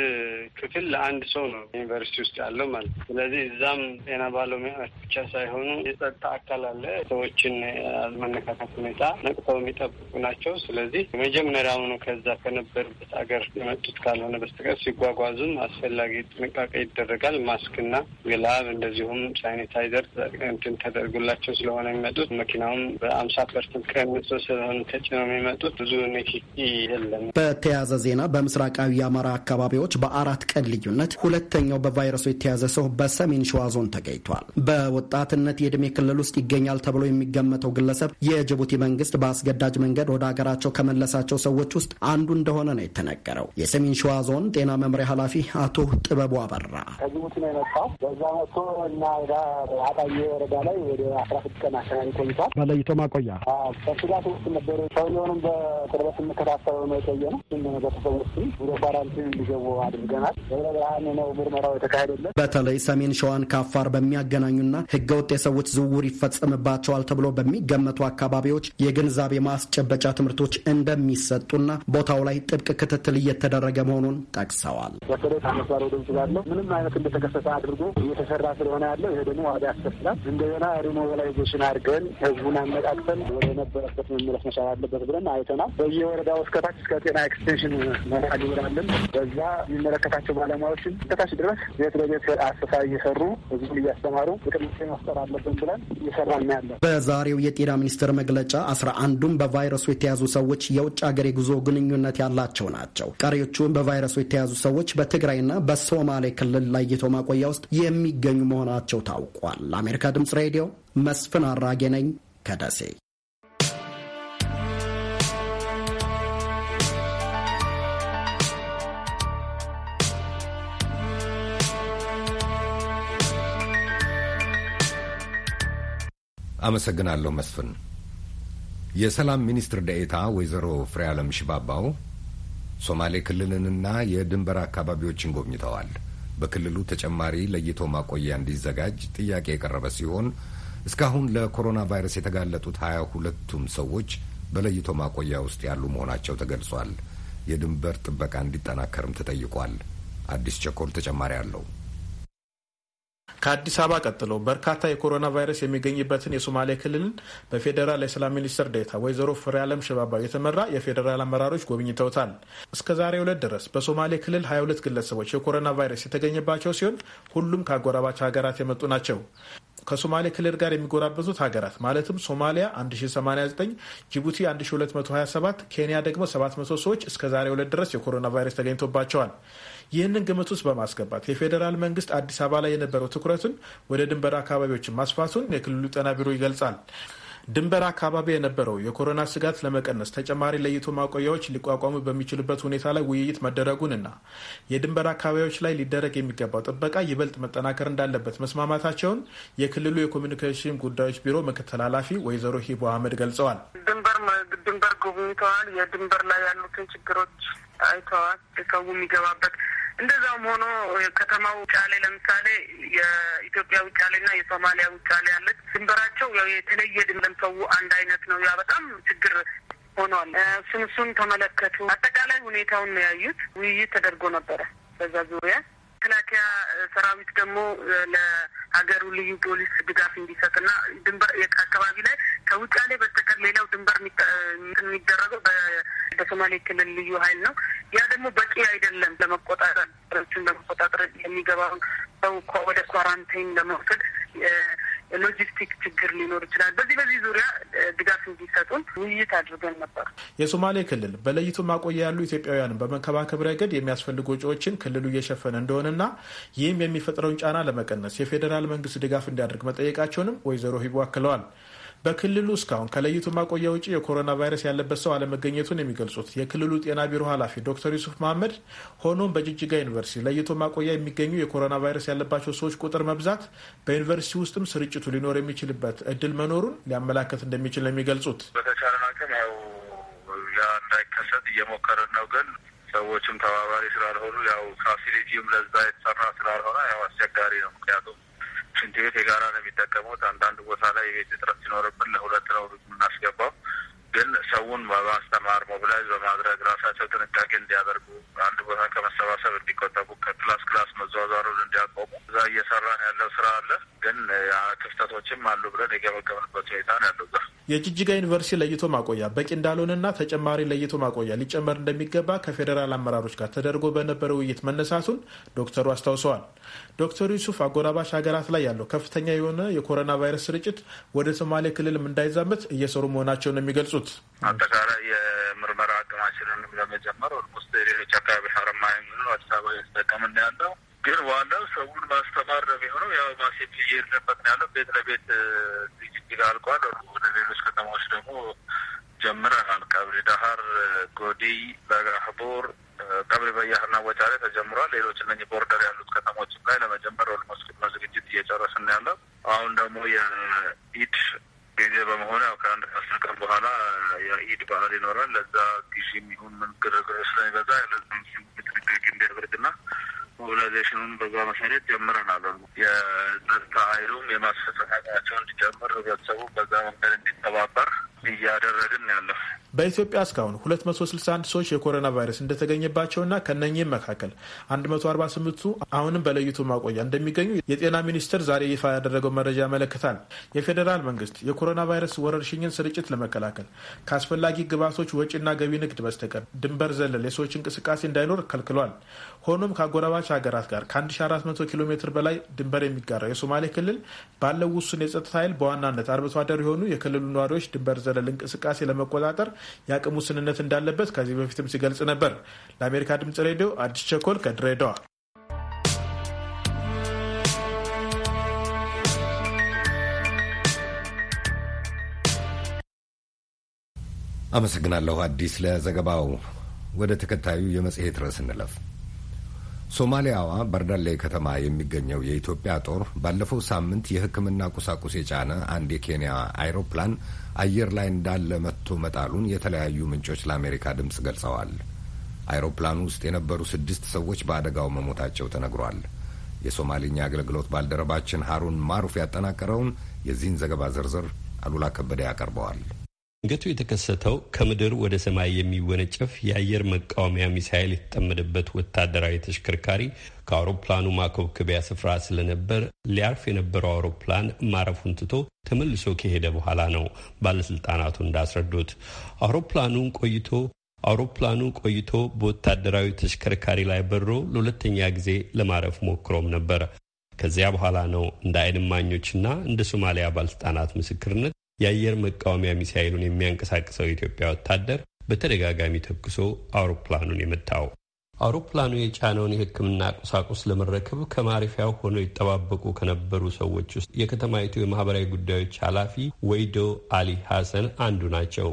ክፍል አንድ ሰው ነው ዩኒቨርሲቲ ውስጥ ያለው ማለት ነው። ስለዚህ እዛም ጤና ባለሙያዎች ብቻ ሳይሆኑ የጸጥታ አካል አለ። ሰዎችን ያለመነካካት ሁኔታ ነቅተው የሚጠብቁ ናቸው። ስለዚህ መጀመሪያውኑ ከዛ ከነበሩበት አገር የመጡት ካልሆነ በስተቀር ሲጓጓዙ ለመያዙም አስፈላጊ ጥንቃቄ ይደረጋል። ማስክና ግላብ እንደዚሁም ሳኒታይዘር እንትን ተደርጉላቸው ስለሆነ የሚመጡት መኪናውም በአምሳ ፐርሰንት ቀንሶ ስለሆነ ተጭነው የሚመጡት ብዙ ንክኪ የለም።
በተያያዘ ዜና በምስራቃዊ የአማራ አካባቢዎች በአራት ቀን ልዩነት ሁለተኛው በቫይረሱ የተያዘ ሰው በሰሜን ሸዋ ዞን ተገኝቷል። በወጣትነት የእድሜ ክልል ውስጥ ይገኛል ተብሎ የሚገመተው ግለሰብ የጅቡቲ መንግስት በአስገዳጅ መንገድ ወደ ሀገራቸው ከመለሳቸው ሰዎች ውስጥ አንዱ እንደሆነ ነው የተነገረው። የሰሜን ሸዋ ዞን ጤና መምሪያ ኃላፊ ኃላፊ አቶ ጥበቡ አበራ
ከጅቡቲ ነው የመጣው። በዛ መጥቶ እና ወደ አጣዬ ወረዳ ላይ ወደ አስራ ስድስት ቀን አካባቢ ቆይቷል።
በለይቶ ማቆያ
በስጋት ውስጥ ነበሩ። ሰውየውንም በቅርበት የምከታተለው ነው የቆየ ነው። በተሰብ ውስጥ ወደ ኳራንቲን እንዲገቡ አድርገናል። ብርሃን ነው
ምርመራው የተካሄደለን። በተለይ ሰሜን ሸዋን ከአፋር በሚያገናኙና ህገወጥ የሰዎች ዝውውር ይፈጸምባቸዋል ተብሎ በሚገመቱ አካባቢዎች የግንዛቤ ማስጨበጫ ትምህርቶች እንደሚሰጡና ቦታው ላይ ጥብቅ ክትትል እየተደረገ መሆኑን ጠቅሰዋል።
መሰረት አመባር ወደ ስላለው
ምንም አይነት እንደተከሰተ አድርጎ እየተሰራ ስለሆነ ያለው ይሄ ደግሞ ዋጋ ያስከፍላል። እንደገና ሪሞቢላይዜሽን አድርገን ህዝቡን አነቃቅተን ወደ ነበረበት መመለስ መቻል አለበት ብለን አይተናል። በየወረዳው እስከታች እስከ ጤና ኤክስቴንሽን መራ ይውራለን። በዛ የሚመለከታቸው ባለሙያዎችን እስከታች ድረስ ቤት ለቤት አሰሳ እየሰሩ ህዝቡን እያስተማሩ ጥቅምሴ መፍጠር አለብን ብለን እየሰራ ያለ
በዛሬው የጤና ሚኒስቴር መግለጫ አስራ አንዱም በቫይረሱ የተያዙ ሰዎች የውጭ ሀገር የጉዞ ግንኙነት ያላቸው ናቸው። ቀሪዎቹም በቫይረሱ የተያዙ ሰዎች በ በትግራይና በሶማሌ ክልል ለይቶ ማቆያ ውስጥ የሚገኙ መሆናቸው ታውቋል። ለአሜሪካ ድምፅ ሬዲዮ መስፍን አራጌ ነኝ ከደሴ።
አመሰግናለሁ መስፍን። የሰላም ሚኒስትር ደኤታ ወይዘሮ ፍሬ አለም ሽባባው ሶማሌ ክልልንና የድንበር አካባቢዎችን ጎብኝተዋል። በክልሉ ተጨማሪ ለይቶ ማቆያ እንዲዘጋጅ ጥያቄ የቀረበ ሲሆን እስካሁን ለኮሮና ቫይረስ የተጋለጡት ሀያ ሁለቱም ሰዎች በለይቶ ማቆያ ውስጥ ያሉ መሆናቸው ተገልጿል። የድንበር ጥበቃ እንዲጠናከርም ተጠይቋል። አዲስ ቸኮል ተጨማሪ አለው።
ከአዲስ አበባ ቀጥሎ በርካታ የኮሮና ቫይረስ የሚገኝበትን የሶማሌ ክልልን በፌዴራል የሰላም ሚኒስትር ዴታ ወይዘሮ ፍሬ አለም ሸባባው የተመራ የፌዴራል አመራሮች ጎብኝተውታል። እስከ ዛሬ ሁለት ድረስ በሶማሌ ክልል 22 ግለሰቦች የኮሮና ቫይረስ የተገኘባቸው ሲሆን ሁሉም ከአጎራባች ሀገራት የመጡ ናቸው። ከሶማሌ ክልል ጋር የሚጎራበዙት ሀገራት ማለትም ሶማሊያ 1089፣ ጅቡቲ 1227፣ ኬንያ ደግሞ 700 ሰዎች እስከ ዛሬ ሁለት ድረስ የኮሮና ቫይረስ ተገኝቶባቸዋል። ይህንን ግምት ውስጥ በማስገባት የፌዴራል መንግስት አዲስ አበባ ላይ የነበረው ትኩረቱን ወደ ድንበር አካባቢዎችን ማስፋቱን የክልሉ ጤና ቢሮ ይገልጻል። ድንበር አካባቢ የነበረው የኮሮና ስጋት ለመቀነስ ተጨማሪ ለይቶ ማቆያዎች ሊቋቋሙ በሚችሉበት ሁኔታ ላይ ውይይት መደረጉንና የድንበር አካባቢዎች ላይ ሊደረግ የሚገባው ጥበቃ ይበልጥ መጠናከር እንዳለበት መስማማታቸውን የክልሉ የኮሚኒኬሽን ጉዳዮች ቢሮ ምክትል ኃላፊ ወይዘሮ ሂቦ አህመድ ገልጸዋል።
ድንበር ድንበር የድንበር ላይ ያሉትን ችግሮች አይተዋል። ሰው የሚገባበት እንደዛውም ሆኖ ከተማው ውጫሌ ለምሳሌ የኢትዮጵያ ውጫሌና የሶማሊያ ውጫሌ አለች። ድንበራቸው ያው የተለየ ድንበር፣ ሰው አንድ አይነት ነው። ያ በጣም ችግር ሆኗል። እሱን እሱን ተመለከቱ። አጠቃላይ ሁኔታውን ነው ያዩት። ውይይት ተደርጎ ነበረ በዛ ዙሪያ መከላከያ ሰራዊት ደግሞ ለሀገሩ ልዩ ፖሊስ ድጋፍ እንዲሰጥና ድንበር አካባቢ ላይ ከውጫሌ በስተቀር ሌላው ድንበር የሚደረገው በሶማሌ ክልል ልዩ ኃይል ነው። ያ ደግሞ በቂ አይደለም። ለመቆጣጠር ለመቆጣጠር የሚገባውን ሰው ወደ ኳራንቲን ለመውሰድ ሎጂስቲክ ችግር ሊኖር ይችላል። በዚህ በዚህ ዙሪያ ድጋፍ
እንዲሰጡን ውይይት አድርገን ነበር። የሶማሌ ክልል በለይቱ ማቆያ ያሉ ኢትዮጵያውያንን በመንከባከብ ረገድ የሚያስፈልጉ ወጪዎችን ክልሉ እየሸፈነ እንደሆነና ይህም የሚፈጥረውን ጫና ለመቀነስ የፌዴራል መንግስት ድጋፍ እንዲያደርግ መጠየቃቸውንም ወይዘሮ ሂቡ አክለዋል። በክልሉ እስካሁን ከለይቱ ማቆያ ውጭ የኮሮና ቫይረስ ያለበት ሰው አለመገኘቱን የሚገልጹት የክልሉ ጤና ቢሮ ኃላፊ ዶክተር ዩሱፍ መሀመድ፣ ሆኖም በጅጅጋ ዩኒቨርሲቲ ለይቶ ማቆያ የሚገኙ የኮሮና ቫይረስ ያለባቸው ሰዎች ቁጥር መብዛት በዩኒቨርሲቲ ውስጥም ስርጭቱ ሊኖር የሚችልበት እድል መኖሩን ሊያመላከት እንደሚችል ነው የሚገልጹት።
በተቻለን አቅም ያው ያ እንዳይከሰት እየሞከርን ነው ግን ሰዎችም ተባባሪ ስላልሆኑ ያው ፋሲሊቲውም ለዛ የተሰራ ስላልሆነ ያው አስቸጋሪ ነው ምክንያቱም ሽንት ቤት የጋራ ነው የሚጠቀሙት። አንዳንድ ቦታ ላይ የቤት እጥረት ሲኖርብን ለሁለት ነው የምናስገባው። ግን ሰውን በማስተማር ሞብላይዝ በማድረግ ራሳቸው ጥንቃቄ እንዲያደርጉ አንድ ቦታ ከመሰባሰብ እንዲቆጠቡ ከክላስ ክላስ መዘዋወሩን እንዲያቆሙ እዛ እየሰራን ያለው ስራ አለ። ግን ክፍተቶችም አሉ ብለን የገመገምንበት ሁኔታ
ነው ያለው። የጅጅጋ ዩኒቨርሲቲ ለይቶ ማቆያ በቂ እንዳልሆነና ተጨማሪ ለይቶ ማቆያ ሊጨመር እንደሚገባ ከፌዴራል አመራሮች ጋር ተደርጎ በነበረ ውይይት መነሳቱን ዶክተሩ አስታውሰዋል። ዶክተር ዩሱፍ አጎራባች ሀገራት ላይ ያለው ከፍተኛ የሆነ የኮሮና ቫይረስ ስርጭት ወደ ሶማሌ ክልልም እንዳይዛመት እየሰሩ መሆናቸውን የሚገልጹት
አጠቃላይ የምርመራ አቅማችንንም ለመጀመር ሌሎች አካባቢ ሀረማያ አዲስ አበባ እየተጠቀምን ያለው ግን ዋናው ሰውን ማስተማር ነው የሚሆነው። ያው ማሴት እየሄድንበት ነው ያለው። ቤት ለቤት ጅጅጋ አልቋል። ወደ ሌሎች ከተማዎች ደግሞ ጀምረናል። ቀብሪ ዳሀር፣ ጎዲይ፣ በጋህቦር፣ ቀብሪ በያህና ላይ ተጀምሯል። ሌሎች እነዚህ ቦርደር ያሉት ከተሞችም ላይ ለመጀመር ኦልሞስት ቅድመ ዝግጅት እየጨረስን ነው ያለው። አሁን ደግሞ የኢድ ጊዜ በመሆኑ ያው ከአንድ አስር ቀን በኋላ የኢድ በዓል ይኖራል። ለዛ ጊዜ የሚሆን ምን ግርግር ስለሚበዛ ለዛ ጥንቃቄ እንዲያደርግና ሞቢላይዜሽኑን በዛ መሰረት ጀምረናል። የጸጥታ ኃይሉም የማስፈጸማቸው እንዲጀምር ህብረተሰቡ በዛ መንገድ እንዲተባበር እያደረግን ያለው።
በኢትዮጵያ እስካሁን 261 ሰዎች የኮሮና ቫይረስ እንደተገኘባቸውና ከነኚህም መካከል 148ቱ አሁንም በለይቶ ማቆያ እንደሚገኙ የጤና ሚኒስቴር ዛሬ ይፋ ያደረገው መረጃ ያመለክታል። የፌዴራል መንግስት የኮሮና ቫይረስ ወረርሽኝን ስርጭት ለመከላከል ከአስፈላጊ ግብዓቶች ወጪና ገቢ ንግድ በስተቀር ድንበር ዘለል የሰዎች እንቅስቃሴ እንዳይኖር ከልክሏል። ሆኖም ከአጎራባች ሀገራት ጋር ከ1400 ኪሎ ሜትር በላይ ድንበር የሚጋራው የሶማሌ ክልል ባለው ውሱን የጸጥታ ኃይል በዋናነት አርብቶ አደር የሆኑ የክልሉ ነዋሪዎች ድንበር ዘለል እንቅስቃሴ ለመቆጣጠር የአቅም ውስንነት እንዳለበት ከዚህ በፊትም ሲገልጽ ነበር። ለአሜሪካ ድምጽ ሬዲዮ አዲስ ቸኮል ከድሬዳዋ።
አመሰግናለሁ አዲስ ለዘገባው። ወደ ተከታዩ የመጽሔት ርዕስ እንለፍ። ሶማሊያዋ በርዳሌ ከተማ የሚገኘው የኢትዮጵያ ጦር ባለፈው ሳምንት የሕክምና ቁሳቁስ የጫነ አንድ የኬንያ አይሮፕላን አየር ላይ እንዳለ መጥቶ መጣሉን የተለያዩ ምንጮች ለአሜሪካ ድምፅ ገልጸዋል። አይሮፕላኑ ውስጥ የነበሩ ስድስት ሰዎች በአደጋው መሞታቸው ተነግሯል። የሶማሊኛ አገልግሎት ባልደረባችን ሀሩን ማሩፍ ያጠናቀረውን የዚህን ዘገባ ዝርዝር አሉላ ከበደ ያቀርበዋል።
ድንገቱ የተከሰተው ከምድር ወደ ሰማይ የሚወነጨፍ የአየር መቃወሚያ ሚሳይል የተጠመደበት ወታደራዊ ተሽከርካሪ ከአውሮፕላኑ ማኮብኮቢያ ስፍራ ስለነበር ሊያርፍ የነበረው አውሮፕላን ማረፉን ትቶ ተመልሶ ከሄደ በኋላ ነው። ባለስልጣናቱ እንዳስረዱት አውሮፕላኑን ቆይቶ አውሮፕላኑ ቆይቶ በወታደራዊ ተሽከርካሪ ላይ በሮ ለሁለተኛ ጊዜ ለማረፍ ሞክሮም ነበር። ከዚያ በኋላ ነው እንደ አይን እማኞችና እንደ ሶማሊያ ባለስልጣናት ምስክርነት የአየር መቃወሚያ ሚሳይሉን የሚያንቀሳቅሰው የኢትዮጵያ ወታደር በተደጋጋሚ ተኩሶ አውሮፕላኑን የመታው። አውሮፕላኑ የጫነውን የሕክምና ቁሳቁስ ለመረከብ ከማረፊያው ሆነው ይጠባበቁ ከነበሩ ሰዎች ውስጥ የከተማይቱ የማህበራዊ ጉዳዮች ኃላፊ ወይዶ አሊ ሐሰን አንዱ ናቸው።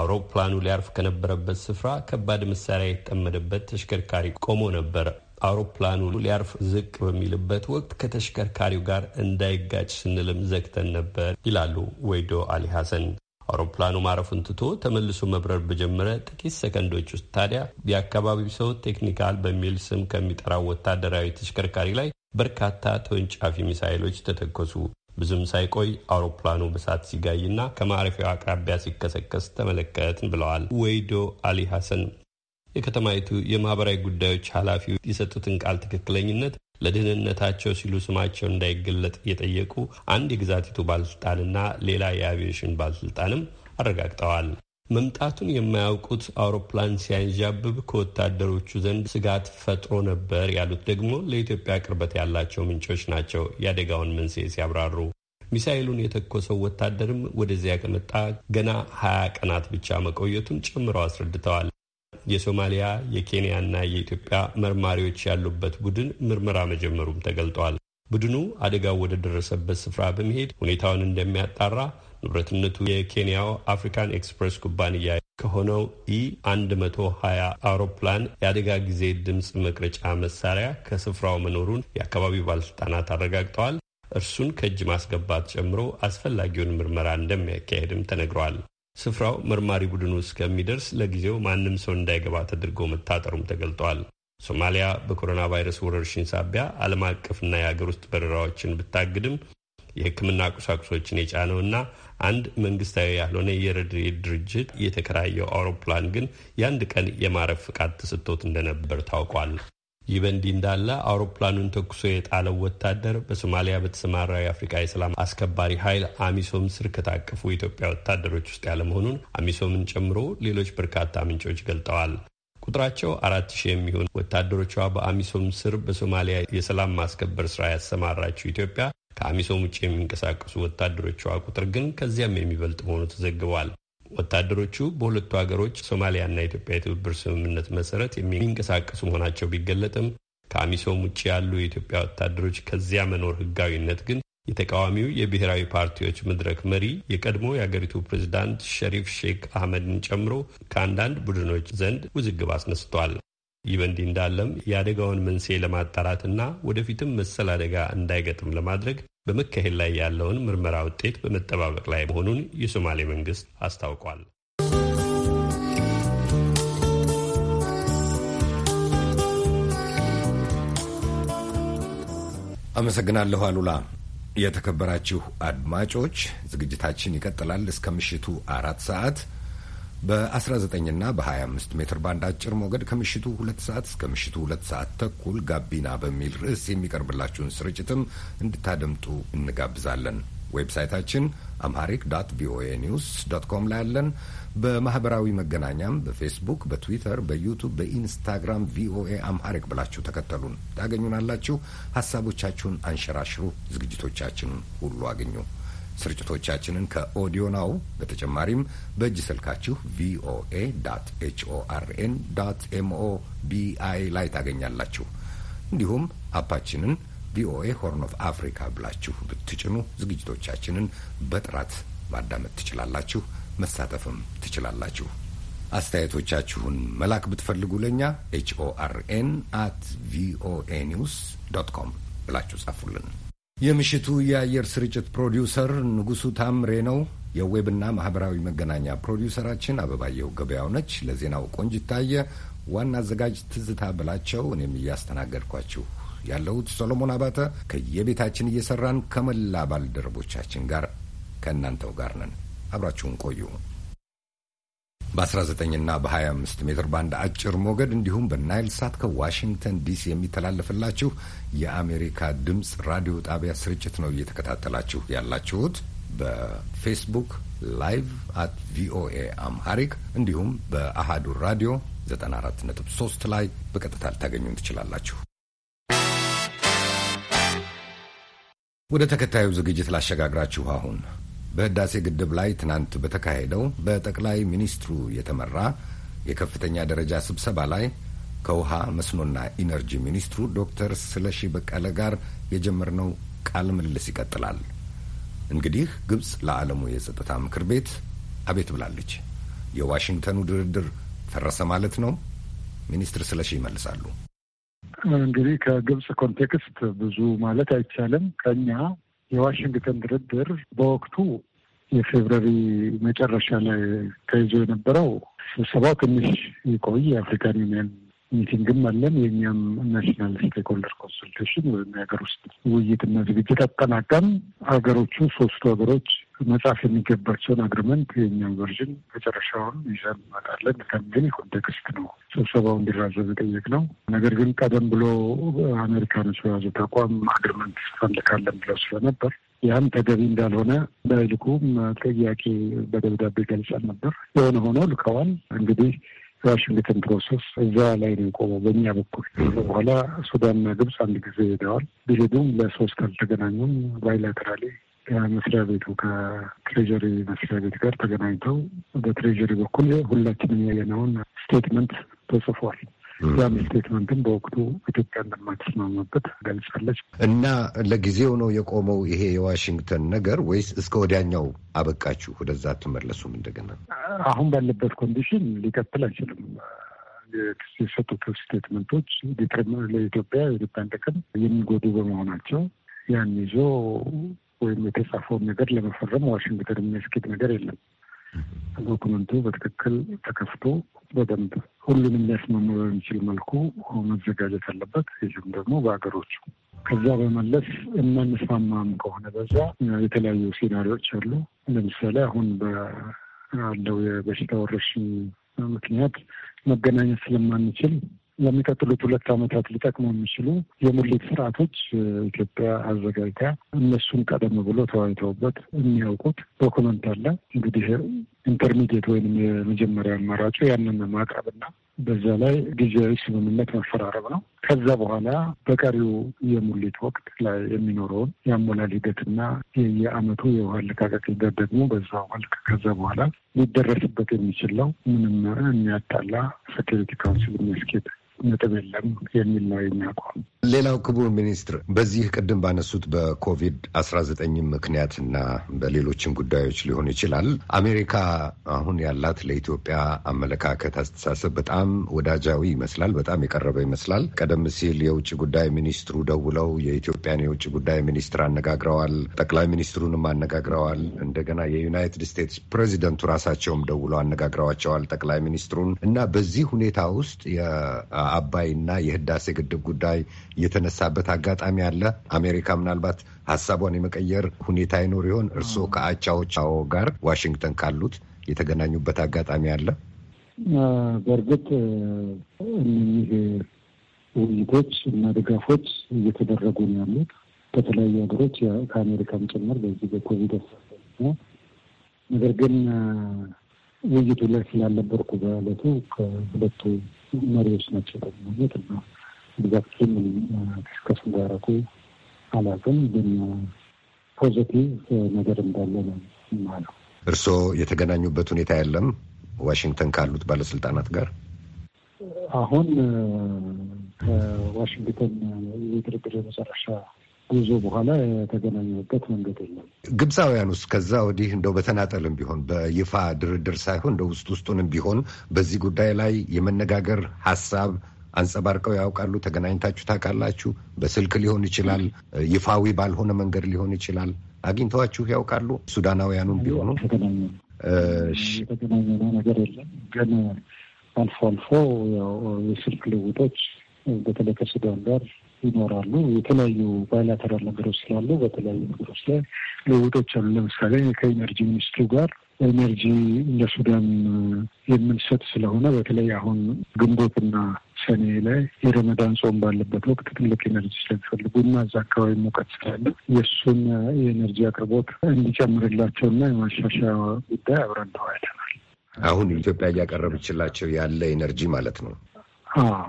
አውሮፕላኑ ሊያርፍ ከነበረበት ስፍራ ከባድ መሳሪያ የተጠመደበት ተሽከርካሪ ቆሞ ነበር። አውሮፕላኑ ሊያርፍ ዝቅ በሚልበት ወቅት ከተሽከርካሪው ጋር እንዳይጋጭ ስንልም ዘግተን ነበር ይላሉ ወይዶ አሊ ሐሰን። አውሮፕላኑ ማረፉን ትቶ ተመልሶ መብረር በጀመረ ጥቂት ሰከንዶች ውስጥ ታዲያ የአካባቢው ሰው ቴክኒካል በሚል ስም ከሚጠራው ወታደራዊ ተሽከርካሪ ላይ በርካታ ተወንጫፊ ሚሳይሎች ተተኮሱ። ብዙም ሳይቆይ አውሮፕላኑ በሳት ሲጋይና ከማረፊያው አቅራቢያ ሲከሰከስ ተመለከትን ብለዋል ወይዶ አሊ ሐሰን። የከተማይቱ የማህበራዊ ጉዳዮች ኃላፊው የሰጡትን ቃል ትክክለኝነት ለደህንነታቸው ሲሉ ስማቸው እንዳይገለጥ የጠየቁ አንድ የግዛቲቱ ባለስልጣንና ሌላ የአቪዬሽን ባለስልጣንም አረጋግጠዋል። መምጣቱን የማያውቁት አውሮፕላን ሲያንዣብብ ከወታደሮቹ ዘንድ ስጋት ፈጥሮ ነበር ያሉት ደግሞ ለኢትዮጵያ ቅርበት ያላቸው ምንጮች ናቸው። የአደጋውን መንስኤ ሲያብራሩ ሚሳይሉን የተኮሰው ወታደርም ወደዚያ ከመጣ ገና ሀያ ቀናት ብቻ መቆየቱን ጨምረው አስረድተዋል። የሶማሊያ የኬንያና የኢትዮጵያ መርማሪዎች ያሉበት ቡድን ምርመራ መጀመሩም ተገልጧል። ቡድኑ አደጋው ወደ ደረሰበት ስፍራ በመሄድ ሁኔታውን እንደሚያጣራ ንብረትነቱ የኬንያው አፍሪካን ኤክስፕሬስ ኩባንያ ከሆነው ኢ 120 አውሮፕላን የአደጋ ጊዜ ድምፅ መቅረጫ መሳሪያ ከስፍራው መኖሩን የአካባቢው ባለስልጣናት አረጋግጠዋል። እርሱን ከእጅ ማስገባት ጨምሮ አስፈላጊውን ምርመራ እንደሚያካሄድም ተነግሯል። ስፍራው መርማሪ ቡድኑ እስከሚደርስ ለጊዜው ማንም ሰው እንዳይገባ ተደርጎ መታጠሩም ተገልጧል። ሶማሊያ በኮሮና ቫይረስ ወረርሽኝ ሳቢያ ዓለም አቀፍና የሀገር ውስጥ በረራዎችን ብታግድም የሕክምና ቁሳቁሶችን የጫነውና አንድ መንግስታዊ ያልሆነ የረድኤት ድርጅት የተከራየው አውሮፕላን ግን የአንድ ቀን የማረፍ ፍቃድ ተሰጥቶት እንደነበር ታውቋል። ይህ በእንዲህ እንዳለ አውሮፕላኑን ተኩሶ የጣለው ወታደር በሶማሊያ በተሰማራው የአፍሪካ የሰላም አስከባሪ ኃይል አሚሶም ስር ከታቀፉ የኢትዮጵያ ወታደሮች ውስጥ ያለመሆኑን አሚሶምን ጨምሮ ሌሎች በርካታ ምንጮች ገልጠዋል። ቁጥራቸው አራት ሺህ የሚሆኑ ወታደሮቿ በአሚሶም ስር በሶማሊያ የሰላም ማስከበር ስራ ያሰማራችው ኢትዮጵያ ከአሚሶም ውጭ የሚንቀሳቀሱ ወታደሮቿ ቁጥር ግን ከዚያም የሚበልጥ መሆኑ ተዘግቧል። ወታደሮቹ በሁለቱ ሀገሮች ሶማሊያና ኢትዮጵያ የትብብር ስምምነት መሰረት የሚንቀሳቀሱ መሆናቸው ቢገለጥም ከአሚሶም ውጭ ያሉ የኢትዮጵያ ወታደሮች ከዚያ መኖር ህጋዊነት ግን የተቃዋሚው የብሔራዊ ፓርቲዎች መድረክ መሪ የቀድሞ የአገሪቱ ፕሬዚዳንት ሸሪፍ ሼክ አህመድን ጨምሮ ከአንዳንድ ቡድኖች ዘንድ ውዝግብ አስነስቷል። ይህ በእንዲህ እንዳለም የአደጋውን መንስኤ ለማጣራትና ወደፊትም መሰል አደጋ እንዳይገጥም ለማድረግ በመካሄድ ላይ ያለውን ምርመራ ውጤት በመጠባበቅ ላይ መሆኑን የሶማሌ መንግስት አስታውቋል።
አመሰግናለሁ አሉላ። የተከበራችሁ አድማጮች ዝግጅታችን ይቀጥላል እስከ ምሽቱ አራት ሰዓት በ19ና በ25 ሜትር ባንድ አጭር ሞገድ ከምሽቱ ሁለት ሰዓት እስከ ምሽቱ ሁለት ሰዓት ተኩል ጋቢና በሚል ርዕስ የሚቀርብላችሁን ስርጭትም እንድታደምጡ እንጋብዛለን። ዌብሳይታችን አምሃሪክ ዶት ቪኦኤ ኒውስ ዶት ኮም ላይ ያለን። በማህበራዊ መገናኛም በፌስቡክ፣ በትዊተር፣ በዩቱብ፣ በኢንስታግራም ቪኦኤ አምሃሪክ ብላችሁ ተከተሉን ታገኙናላችሁ። ሀሳቦቻችሁን አንሸራሽሩ። ዝግጅቶቻችንን ሁሉ አግኙ። ስርጭቶቻችንን ከኦዲዮ ናው በተጨማሪም በእጅ ስልካችሁ ቪኦኤ ዳት ኤችኦአርኤን ዳት ላይ ታገኛላችሁ። እንዲሁም አፓችንን ቪኦኤ ሆርን ኦፍ አፍሪካ ብላችሁ ብትጭኑ ዝግጅቶቻችንን በጥራት ማዳመጥ ትችላላችሁ፣ መሳተፍም ትችላላችሁ። አስተያየቶቻችሁን መላክ ብትፈልጉ ለእኛ ኤን አት ቪኦኤ ኒውስ ዶት ኮም ብላችሁ ጻፉልን። የምሽቱ የአየር ስርጭት ፕሮዲውሰር ንጉሱ ታምሬ ነው። የዌብና ማህበራዊ መገናኛ ፕሮዲውሰራችን አበባየሁ ገበያው ነች። ለዜናው ቆንጅ ታየ፣ ዋና አዘጋጅ ትዝታ ብላቸው፣ እኔም እያስተናገድኳችሁ ያለሁት ሰሎሞን አባተ ከየቤታችን እየሰራን ከመላ ባልደረቦቻችን ጋር ከእናንተው ጋር ነን። አብራችሁን ቆዩ። በ19ና በ25 ሜትር ባንድ አጭር ሞገድ እንዲሁም በናይል ሳት ከዋሽንግተን ዲሲ የሚተላለፍላችሁ የአሜሪካ ድምፅ ራዲዮ ጣቢያ ስርጭት ነው እየተከታተላችሁ ያላችሁት። በፌስቡክ ላይቭ አት ቪኦኤ አምሃሪክ እንዲሁም በአሃዱ ራዲዮ 94.3 ላይ በቀጥታ ልታገኙን ትችላላችሁ። ወደ ተከታዩ ዝግጅት ላሸጋግራችሁ አሁን በህዳሴ ግድብ ላይ ትናንት በተካሄደው በጠቅላይ ሚኒስትሩ የተመራ የከፍተኛ ደረጃ ስብሰባ ላይ ከውሃ መስኖና ኢነርጂ ሚኒስትሩ ዶክተር ስለሺ በቀለ ጋር የጀመርነው ቃለ ምልልስ ይቀጥላል። እንግዲህ ግብፅ ለዓለሙ የጸጥታ ምክር ቤት አቤት ብላለች። የዋሽንግተኑ ድርድር ፈረሰ ማለት ነው? ሚኒስትር ስለሺ ይመልሳሉ።
እንግዲህ ከግብፅ ኮንቴክስት ብዙ ማለት አይቻልም። ከኛ የዋሽንግተን ድርድር በወቅቱ የፌብረሪ መጨረሻ ላይ ተይዞ የነበረው ስብሰባው ትንሽ ይቆይ፣ የአፍሪካን ዩኒየን ሚቲንግም አለን። የእኛም ናሽናል ስቴክሆልደር ኮንሱልቴሽን ወይም የሀገር ውስጥ ውይይትና ዝግጅት አጠናቀም ሀገሮቹ ሶስቱ ሀገሮች መጽሐፍ የሚገባቸውን አግሪመንት የኛም ቨርዥን መጨረሻውን ይዘን እንመጣለን። ግን ኮንቴክስት ነው ስብሰባው እንዲራዘም የጠየቅ ነው። ነገር ግን ቀደም ብሎ አሜሪካኖች በያዙት ተቋም አግሪመንት ፈልካለን ብለው ስለነበር ያም ተገቢ እንዳልሆነ በይልኩም ጥያቄ በደብዳቤ ገልጸን ነበር። የሆነ ሆኖ ልከዋል። እንግዲህ ዋሽንግተን ፕሮሰስ እዛ ላይ ነው የቆመው በእኛ በኩል። በኋላ ሱዳንና ግብፅ አንድ ጊዜ ሄደዋል። ቢሄዱም ለሶስት አልተገናኙም ባይላተራሌ ከመስሪያ ቤቱ ከትሬጀሪ መስሪያ ቤት ጋር ተገናኝተው በትሬጀሪ በኩል ሁላችንም ያየነውን ስቴትመንት
ተጽፏል። ያም ስቴትመንትም በወቅቱ ኢትዮጵያ እንደማትስማማበት ገልጻለች። እና ለጊዜው ነው የቆመው ይሄ የዋሽንግተን ነገር ወይስ እስከ ወዲያኛው አበቃችሁ? ወደዛ አትመለሱም? እንደገና
አሁን ባለበት ኮንዲሽን ሊቀጥል አይችልም። የሰጡት ስቴትመንቶች ለኢትዮጵያ የኢትዮጵያን ጥቅም የሚጎዱ በመሆናቸው ያን ይዞ ወይም የተጻፈውን ነገር ለመፈረም ዋሽንግተን የሚያስኬድ ነገር የለም። ዶክመንቱ በትክክል ተከፍቶ በደንብ ሁሉንም ሊያስማማ በሚችል መልኩ መዘጋጀት አለበት። ይህም ደግሞ በሀገሮቹ ከዛ በመለስ የማንስማማም ከሆነ በዛ የተለያዩ ሴናሪዎች አሉ። ለምሳሌ አሁን ባለው የበሽታ ወረርሽኝ ምክንያት መገናኘት ስለማንችል ለሚቀጥሉት ሁለት ዓመታት ሊጠቅሙ የሚችሉ የሙሌት ስርዓቶች ኢትዮጵያ አዘጋጅታ እነሱን ቀደም ብሎ ተወያይተውበት የሚያውቁት ዶክመንት አለ። እንግዲህ ኢንተርሚዲየት ወይም የመጀመሪያ አማራጩ ያንን ማቅረብና በዛ ላይ ጊዜያዊ ስምምነት መፈራረብ ነው። ከዛ በኋላ በቀሪው የሙሌት ወቅት ላይ የሚኖረውን የአሞላል ሂደትና የየአመቱ የውሃ አለቃቀቅ ሂደት ደግሞ በዛ መልክ ከዛ በኋላ ሊደረስበት የሚችለው ምንም የሚያጣላ ሴኪሪቲ
ካውንስል የሚያስኬድ ነጥብ የለም የሚል ነው የኛ አቋም። ሌላው ክቡር ሚኒስትር በዚህ ቅድም ባነሱት በኮቪድ አስራ ዘጠኝ ምክንያትና በሌሎችም ጉዳዮች ሊሆን ይችላል አሜሪካ አሁን ያላት ለኢትዮጵያ አመለካከት፣ አስተሳሰብ በጣም ወዳጃዊ ይመስላል፣ በጣም የቀረበ ይመስላል። ቀደም ሲል የውጭ ጉዳይ ሚኒስትሩ ደውለው የኢትዮጵያን የውጭ ጉዳይ ሚኒስትር አነጋግረዋል፣ ጠቅላይ ሚኒስትሩንም አነጋግረዋል። እንደገና የዩናይትድ ስቴትስ ፕሬዚደንቱ ራሳቸውም ደውለው አነጋግረዋቸዋል ጠቅላይ ሚኒስትሩን እና በዚህ ሁኔታ ውስጥ አባይና የህዳሴ ግድብ ጉዳይ የተነሳበት አጋጣሚ አለ? አሜሪካ ምናልባት ሀሳቧን የመቀየር ሁኔታ ይኖር ይሆን? እርስዎ ከአቻዎች ጋር ዋሽንግተን ካሉት የተገናኙበት አጋጣሚ አለ?
በእርግጥ እነህ ውይይቶች እና ድጋፎች እየተደረጉ ነው ያሉት በተለያዩ ሀገሮች ከአሜሪካም ጭምር በዚህ በኮቪድ ነገር ግን ውይይቱ ላይ ስላልነበርኩ በዕለቱ ከሁለቱ መሪዎች ናቸው በማለት እና ብዛት ምን ዲስከስ እንዳረጉ አላውቅም፣ ግን ፖዘቲቭ ነገር እንዳለ ነው ማለው።
እርስዎ የተገናኙበት ሁኔታ የለም ዋሽንግተን ካሉት ባለስልጣናት ጋር?
አሁን ከዋሽንግተን የድርድር መጨረሻ ጉዞ በኋላ የተገናኘበት መንገድ የለም።
ግብፃውያን ውስጥ ከዛ ወዲህ እንደው በተናጠልም ቢሆን በይፋ ድርድር ሳይሆን እንደ ውስጥ ውስጡንም ቢሆን በዚህ ጉዳይ ላይ የመነጋገር ሀሳብ አንጸባርቀው ያውቃሉ? ተገናኝታችሁ ታውቃላችሁ? በስልክ ሊሆን ይችላል፣ ይፋዊ ባልሆነ መንገድ ሊሆን ይችላል። አግኝተዋችሁ ያውቃሉ? ሱዳናውያኑም ቢሆኑ የተገናኘ ነገር የለም። ግን አልፎ አልፎ
የስልክ ልውጦች በተለይ ከሱዳን ጋር ይኖራሉ። የተለያዩ ባይላተራል ነገሮች ስላሉ በተለያዩ ነገሮች ላይ ለውጦች አሉ። ለምሳሌ ከኢነርጂ ሚኒስትሩ ጋር ኤነርጂ ለሱዳን የምንሰጥ ስለሆነ በተለይ አሁን ግንቦትና ሰኔ ላይ የረመዳን ጾም ባለበት ወቅት ትልቅ ኤነርጂ ስለሚፈልጉ እና እዛ አካባቢ ሙቀት ስላለ የእሱን የኤነርጂ አቅርቦት እንዲጨምርላቸውና የማሻሻያ
ጉዳይ አብረን ተወያይተናል። አሁን ኢትዮጵያ እያቀረበችላቸው ያለ ኤነርጂ ማለት ነው።
አዎ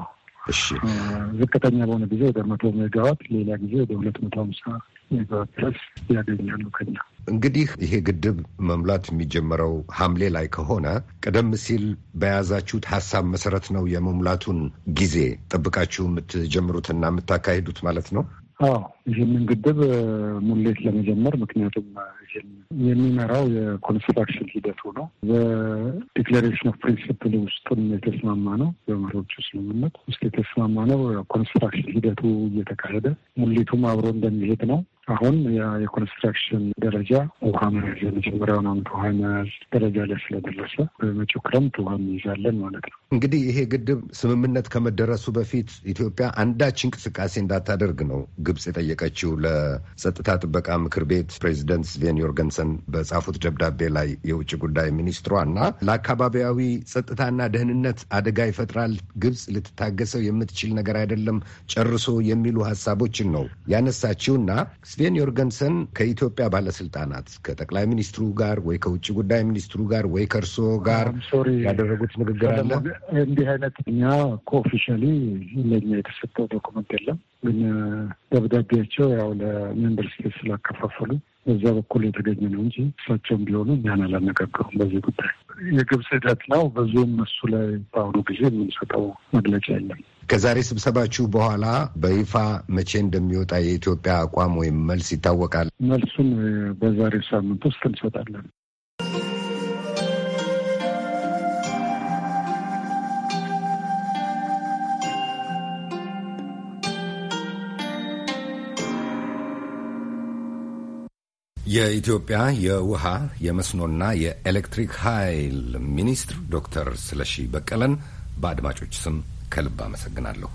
ዝቅተኛ በሆነ ጊዜ ወደ መቶ ሜጋዋት፣ ሌላ ጊዜ ወደ
ሁለት መቶ ሀምሳ ሜጋዋት ድረስ ያገኛሉ ከኛ። እንግዲህ ይሄ ግድብ መሙላት የሚጀመረው ሐምሌ ላይ ከሆነ ቀደም ሲል በያዛችሁት ሀሳብ መሰረት ነው የመሙላቱን ጊዜ ጠብቃችሁ የምትጀምሩትና የምታካሂዱት ማለት ነው?
አዎ ይህንን ግድብ ሙሌት ለመጀመር ምክንያቱም ይህን የሚመራው የኮንስትራክሽን ሂደቱ ነው። በዲክላሬሽን ኦፍ ፕሪንሲፕል ውስጥም የተስማማ ነው። በመሪዎቹ ስምምነት ውስጥ የተስማማ ነው። ኮንስትራክሽን ሂደቱ እየተካሄደ ሙሌቱም አብሮ እንደሚሄድ ነው። አሁን የኮንስትራክሽን ደረጃ ውሃ መያዝ የመጀመሪያውን አንድ ውሃ
መያዝ ደረጃ ላይ ስለደረሰ በመጪው ክረምት ውሃ እንይዛለን ማለት ነው። እንግዲህ ይሄ ግድብ ስምምነት ከመደረሱ በፊት ኢትዮጵያ አንዳች እንቅስቃሴ እንዳታደርግ ነው ግብጽ የጠየቀችው። ለጸጥታ ጥበቃ ምክር ቤት ፕሬዚደንት ስቬን ዮርገንሰን በጻፉት ደብዳቤ ላይ የውጭ ጉዳይ ሚኒስትሯ እና ለአካባቢያዊ ጸጥታና ደህንነት አደጋ ይፈጥራል፣ ግብጽ ልትታገሰው የምትችል ነገር አይደለም ጨርሶ የሚሉ ሀሳቦችን ነው ያነሳችውና ስቬን ዮርገንሰን ከኢትዮጵያ ባለስልጣናት ከጠቅላይ ሚኒስትሩ ጋር ወይ ከውጭ ጉዳይ ሚኒስትሩ ጋር ወይ ከእርሶ ጋር ያደረጉት ንግግር አለ?
እንዲህ አይነት እኛ ኦፊሻሊ ለኛ የተሰጠው ዶኩመንት የለም፣ ግን ደብዳቤያቸው ያው ለሜምበር ስቴት ስላከፋፈሉ በዛ በኩል የተገኘ ነው እንጂ እሳቸውም ቢሆኑ እኛን አላነጋገሩም በዚህ ጉዳይ።
የግብጽ ሂደት ነው። ብዙም እሱ ላይ በአሁኑ ጊዜ የምንሰጠው መግለጫ የለም። ከዛሬ ስብሰባችሁ በኋላ በይፋ መቼ እንደሚወጣ የኢትዮጵያ አቋም ወይም መልስ ይታወቃል? መልሱን በዛሬ ሳምንት ውስጥ እንሰጣለን። የኢትዮጵያ የውሃ የመስኖና የኤሌክትሪክ ኃይል ሚኒስትር ዶክተር ስለሺ በቀለን በአድማጮች ስም ከልብ አመሰግናለሁ።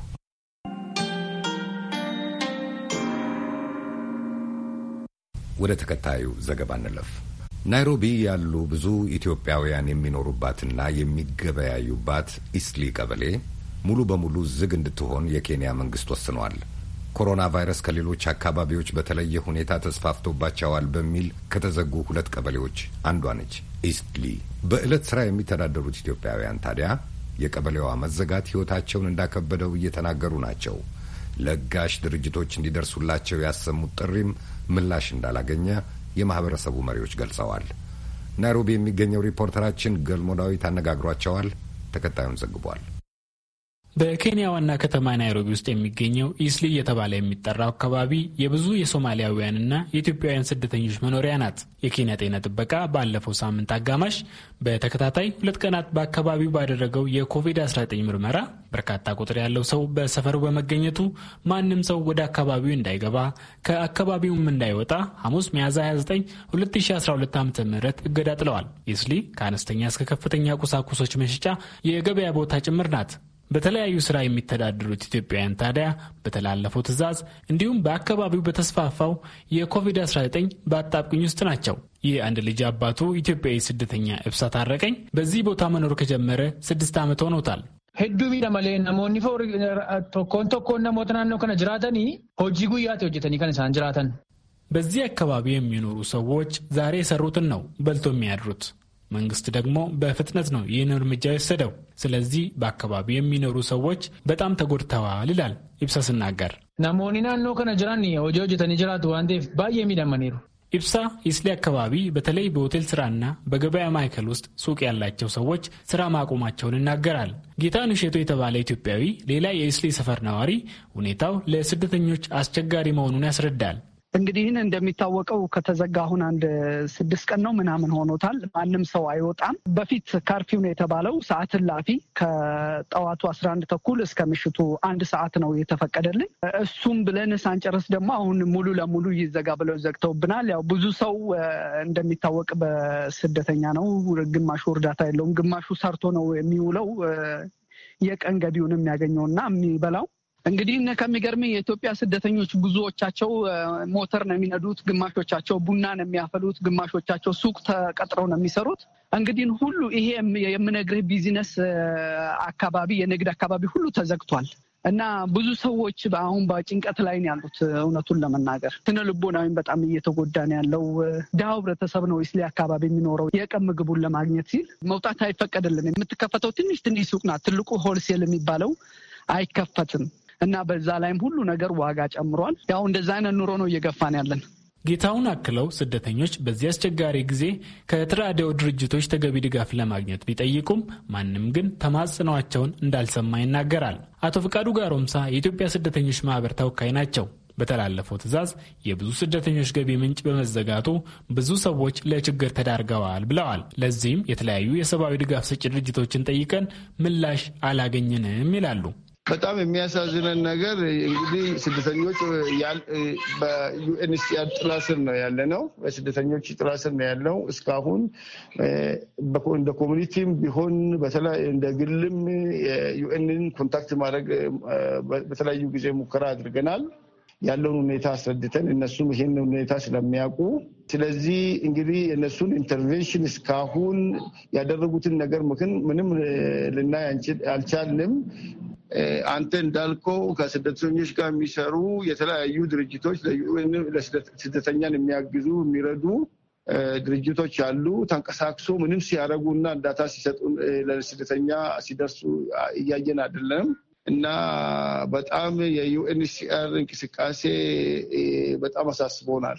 ወደ ተከታዩ ዘገባ እንለፍ። ናይሮቢ ያሉ ብዙ ኢትዮጵያውያን የሚኖሩባትና የሚገበያዩባት ኢስሊ ቀበሌ ሙሉ በሙሉ ዝግ እንድትሆን የኬንያ መንግስት ወስኗል። ኮሮና ቫይረስ ከሌሎች አካባቢዎች በተለየ ሁኔታ ተስፋፍቶባቸዋል በሚል ከተዘጉ ሁለት ቀበሌዎች አንዷ ነች ኢስትሊ። በዕለት ስራ የሚተዳደሩት ኢትዮጵያውያን ታዲያ የቀበሌዋ መዘጋት ሕይወታቸውን እንዳከበደው እየተናገሩ ናቸው። ለጋሽ ድርጅቶች እንዲደርሱላቸው ያሰሙት ጥሪም ምላሽ እንዳላገኘ የማህበረሰቡ መሪዎች ገልጸዋል። ናይሮቢ የሚገኘው ሪፖርተራችን ገልሞ ዳዊት አነጋግሯቸዋል። ተከታዩን ዘግቧል።
በኬንያ ዋና ከተማ ናይሮቢ ውስጥ የሚገኘው ኢስሊ እየተባለ የሚጠራው አካባቢ የብዙ የሶማሊያውያንና የኢትዮጵያውያን ስደተኞች መኖሪያ ናት። የኬንያ ጤና ጥበቃ ባለፈው ሳምንት አጋማሽ በተከታታይ ሁለት ቀናት በአካባቢው ባደረገው የኮቪድ-19 ምርመራ በርካታ ቁጥር ያለው ሰው በሰፈሩ በመገኘቱ ማንም ሰው ወደ አካባቢው እንዳይገባ ከአካባቢውም እንዳይወጣ ሐሙስ ሚያዝያ 29 2012 ዓ ም እገዳ ጥለዋል። ኢስሊ ከአነስተኛ እስከ ከፍተኛ ቁሳቁሶች መሸጫ የገበያ ቦታ ጭምር ናት። በተለያዩ ስራ የሚተዳደሩት ኢትዮጵያውያን ታዲያ በተላለፈው ትዕዛዝ እንዲሁም በአካባቢው በተስፋፋው የኮቪድ-19 በአጣብቅኝ ውስጥ ናቸው። ይህ አንድ ልጅ አባቱ ኢትዮጵያዊ ስደተኛ እብሳ ታረቀኝ በዚህ ቦታ መኖር ከጀመረ ስድስት ዓመት ሆኖታል። ሄዱ ሚዳ ማሌ ናሞኒ ፎር ቶኮን ቶኮን ናሞት ናኖ ከነ ጅራተኒ ሆጂ ጉያት ሆጅተኒ ከነ ሳን ጅራተን በዚህ አካባቢ የሚኖሩ ሰዎች ዛሬ የሰሩትን ነው በልቶ የሚያድሩት። መንግስት ደግሞ በፍጥነት ነው ይህን እርምጃ የወሰደው። ስለዚህ በአካባቢው የሚኖሩ ሰዎች በጣም ተጎድተዋል ይላል ኢብሳ ሲናገር። ናሞኒ ናኖ ከነ ጅራን ሆጂ ሆጅተን ጅራቱ ዋንቴፍ ባየ የሚደመኔሩ ኢብሳ ኢስሌ አካባቢ በተለይ በሆቴል ስራና በገበያ ማዕከል ውስጥ ሱቅ ያላቸው ሰዎች ስራ ማቆማቸውን ይናገራል። ጌታን እሸቶ የተባለ ኢትዮጵያዊ ሌላ የኢስሌ ሰፈር ነዋሪ ሁኔታው ለስደተኞች አስቸጋሪ መሆኑን ያስረዳል።
እንግዲህ ይህን እንደሚታወቀው ከተዘጋ አሁን አንድ ስድስት ቀን ነው ምናምን ሆኖታል። ማንም ሰው አይወጣም። በፊት ካርፊው ነው የተባለው ሰዓት እላፊ ከጠዋቱ አስራ አንድ ተኩል እስከ ምሽቱ አንድ ሰዓት ነው የተፈቀደልን። እሱም ብለን ሳንጨርስ ደግሞ አሁን ሙሉ ለሙሉ ይዘጋ ብለው ዘግተውብናል። ያው ብዙ ሰው እንደሚታወቅ በስደተኛ ነው። ግማሹ እርዳታ የለውም፣ ግማሹ ሰርቶ ነው የሚውለው የቀን ገቢውን የሚያገኘውና የሚበላው እንግዲህ እነ ከሚገርም የኢትዮጵያ ስደተኞች ብዙዎቻቸው ሞተር ነው የሚነዱት፣ ግማሾቻቸው ቡና ነው የሚያፈሉት፣ ግማሾቻቸው ሱቅ ተቀጥረው ነው የሚሰሩት። እንግዲህ ሁሉ ይሄ የምነግርህ ቢዝነስ አካባቢ የንግድ አካባቢ ሁሉ ተዘግቷል። እና ብዙ ሰዎች አሁን በጭንቀት ላይ ነው ያሉት። እውነቱን ለመናገር ስነ ልቦናዊም በጣም እየተጎዳ ነው ያለው። ድሃ ህብረተሰብ ነው ስሌ አካባቢ የሚኖረው የቀን ምግቡን ለማግኘት ሲል መውጣት አይፈቀድልን። የምትከፈተው ትንሽ ትንሽ ሱቅ ናት። ትልቁ ሆልሴል የሚባለው አይከፈትም። እና በዛ ላይም ሁሉ ነገር ዋጋ ጨምሯል። ያው እንደዚ አይነት ኑሮ ነው እየገፋን ያለን።
ጌታውን አክለው ስደተኞች በዚህ አስቸጋሪ ጊዜ ከተራድኦ ድርጅቶች ተገቢ ድጋፍ ለማግኘት ቢጠይቁም ማንም ግን ተማጽነዋቸውን እንዳልሰማ ይናገራል። አቶ ፍቃዱ ጋሮምሳ የኢትዮጵያ ስደተኞች ማህበር ተወካይ ናቸው። በተላለፈው ትዕዛዝ የብዙ ስደተኞች ገቢ ምንጭ በመዘጋቱ ብዙ ሰዎች ለችግር ተዳርገዋል ብለዋል። ለዚህም የተለያዩ የሰብአዊ ድጋፍ ሰጪ ድርጅቶችን ጠይቀን ምላሽ አላገኘንም ይላሉ።
በጣም የሚያሳዝነን ነገር እንግዲህ ስደተኞች በዩኤንኤችሲአር ጥላ ስር ነው ያለ ነው። በስደተኞች ጥላ ስር ነው ያለው። እስካሁን እንደ ኮሚኒቲም ቢሆን በተለይ እንደ ግልም የዩኤንን ኮንታክት ማድረግ በተለያዩ ጊዜ ሙከራ አድርገናል። ያለውን ሁኔታ አስረድተን እነሱም ይህን ሁኔታ ስለሚያውቁ ስለዚህ እንግዲህ የእነሱን ኢንተርቬንሽን እስካሁን ያደረጉትን ነገር ምክን ምንም ልናይ አልቻልንም። አንተ እንዳልከው ከስደተኞች ጋር የሚሰሩ የተለያዩ ድርጅቶች ስደተኛን የሚያግዙ የሚረዱ ድርጅቶች አሉ። ተንቀሳቅሶ ምንም ሲያደርጉና እርዳታ ሲሰጡ ለስደተኛ ሲደርሱ እያየን አይደለም። እና በጣም የዩኤንኤችሲአር እንቅስቃሴ በጣም አሳስቦናል።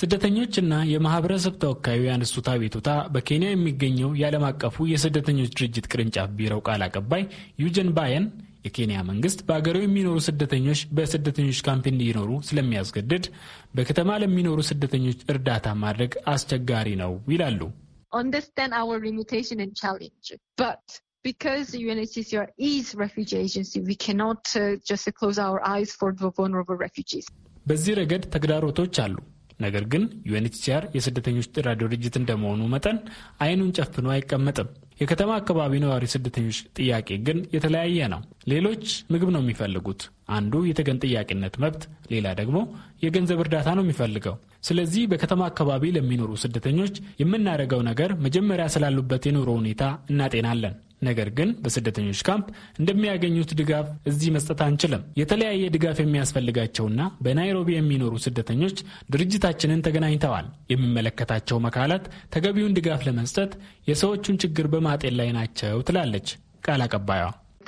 ስደተኞችና የማህበረሰብ ተወካዩ ያነሱት አቤቱታ በኬንያ የሚገኘው የዓለም አቀፉ የስደተኞች ድርጅት ቅርንጫፍ ቢሮው ቃል አቀባይ ዩጀን ባየን የኬንያ መንግስት በአገሩ የሚኖሩ ስደተኞች በስደተኞች ካምፕ እንዲኖሩ ስለሚያስገድድ በከተማ ለሚኖሩ ስደተኞች እርዳታ ማድረግ አስቸጋሪ ነው ይላሉ።
Because UNHCR is refugee agency, we cannot uh, just close our eyes for the vulnerable refugees.
በዚህ ረገድ ተግዳሮቶች አሉ። ነገር ግን ዩኤንኤችሲአር የስደተኞች ጥራ ድርጅት እንደመሆኑ መጠን አይኑን ጨፍኖ አይቀመጥም። የከተማ አካባቢ ነዋሪ ስደተኞች ጥያቄ ግን የተለያየ ነው። ሌሎች ምግብ ነው የሚፈልጉት፣ አንዱ የተገን ጥያቄነት መብት፣ ሌላ ደግሞ የገንዘብ እርዳታ ነው የሚፈልገው። ስለዚህ በከተማ አካባቢ ለሚኖሩ ስደተኞች የምናደርገው ነገር መጀመሪያ ስላሉበት የኑሮ ሁኔታ እናጤናለን። ነገር ግን በስደተኞች ካምፕ እንደሚያገኙት ድጋፍ እዚህ መስጠት አንችልም። የተለያየ ድጋፍ የሚያስፈልጋቸውና በናይሮቢ የሚኖሩ ስደተኞች ድርጅታችንን ተገናኝተዋል። የሚመለከታቸው መካላት ተገቢውን ድጋፍ ለመስጠት የሰዎቹን ችግር በማጤን ላይ ናቸው ትላለች ቃል አቀባዩ።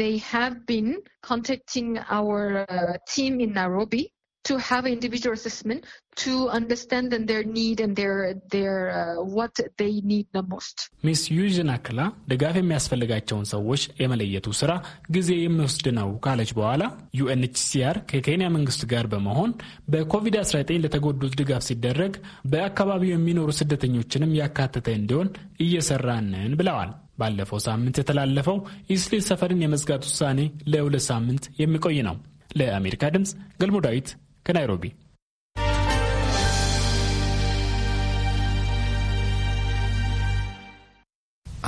They have been contacting our uh, team in Nairobi to have individual assessment to understand their need and their, their, uh, what they need the
most.
ሚስ ዩዥን አክላ ድጋፍ የሚያስፈልጋቸውን ሰዎች የመለየቱ ስራ ጊዜ የሚወስድ ነው ካለች በኋላ ዩኤንኤችሲአር ከኬንያ መንግስት ጋር በመሆን በኮቪድ-19 ለተጎዱት ድጋፍ ሲደረግ በአካባቢው የሚኖሩ ስደተኞችንም ያካተተ እንዲሆን እየሰራንን ብለዋል። ባለፈው ሳምንት የተላለፈው ኢስሌ ሰፈርን የመዝጋት ውሳኔ ለሁለት ሳምንት የሚቆይ ነው። ለአሜሪካ ድምፅ ገልሞ ዳዊት ከናይሮቢ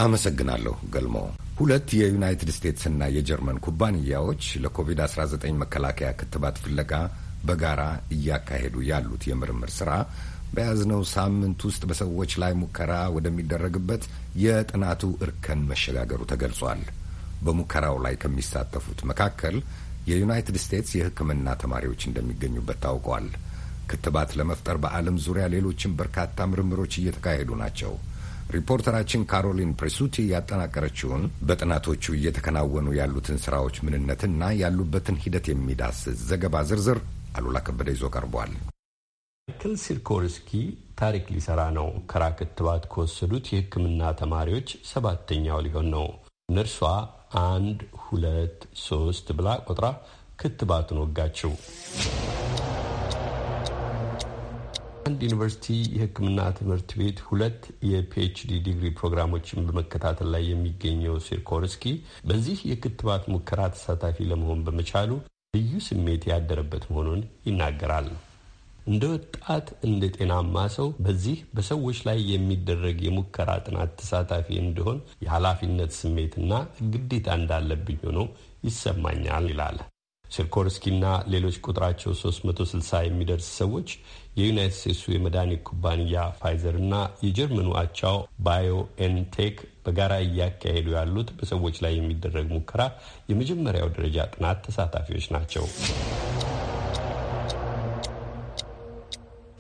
አመሰግናለሁ ገልሞ። ሁለት የዩናይትድ ስቴትስና የጀርመን ኩባንያዎች ለኮቪድ-19 መከላከያ ክትባት ፍለጋ በጋራ እያካሄዱ ያሉት የምርምር ስራ በያዝነው ሳምንት ውስጥ በሰዎች ላይ ሙከራ ወደሚደረግበት የጥናቱ እርከን መሸጋገሩ ተገልጿል። በሙከራው ላይ ከሚሳተፉት መካከል የዩናይትድ ስቴትስ የሕክምና ተማሪዎች እንደሚገኙበት ታውቋል። ክትባት ለመፍጠር በዓለም ዙሪያ ሌሎችም በርካታ ምርምሮች እየተካሄዱ ናቸው። ሪፖርተራችን ካሮሊን ፕሬሱቲ ያጠናቀረችውን በጥናቶቹ እየተከናወኑ ያሉትን ስራዎች ምንነትና ያሉበትን ሂደት የሚዳስ ዘገባ ዝርዝር አሉላ ከበደ ይዞ ቀርቧል።
ማይክል ሲርኮርስኪ ታሪክ ሊሰራ ነው። ከራ ክትባት ከወሰዱት የህክምና ተማሪዎች ሰባተኛው ሊሆን ነው። ነርሷ አንድ ሁለት ሶስት ብላ ቆጥራ ክትባቱን ወጋችው። አንድ ዩኒቨርሲቲ የሕክምና ትምህርት ቤት ሁለት የፒኤችዲ ዲግሪ ፕሮግራሞችን በመከታተል ላይ የሚገኘው ሲርኮርስኪ በዚህ የክትባት ሙከራ ተሳታፊ ለመሆን በመቻሉ ልዩ ስሜት ያደረበት መሆኑን ይናገራል። እንደ ወጣት እንደ ጤናማ ሰው በዚህ በሰዎች ላይ የሚደረግ የሙከራ ጥናት ተሳታፊ እንደሆን የኃላፊነት ስሜትና ግዴታ እንዳለብኝ ሆኖ ይሰማኛል ይላል። ሲርኮርስኪና ሌሎች ቁጥራቸው 360 የሚደርስ ሰዎች የዩናይት ስቴትሱ የመድኃኒት ኩባንያ ፋይዘር እና የጀርመኑ አቻው ባዮኤንቴክ በጋራ እያካሄዱ ያሉት በሰዎች ላይ የሚደረግ ሙከራ የመጀመሪያው ደረጃ ጥናት ተሳታፊዎች ናቸው።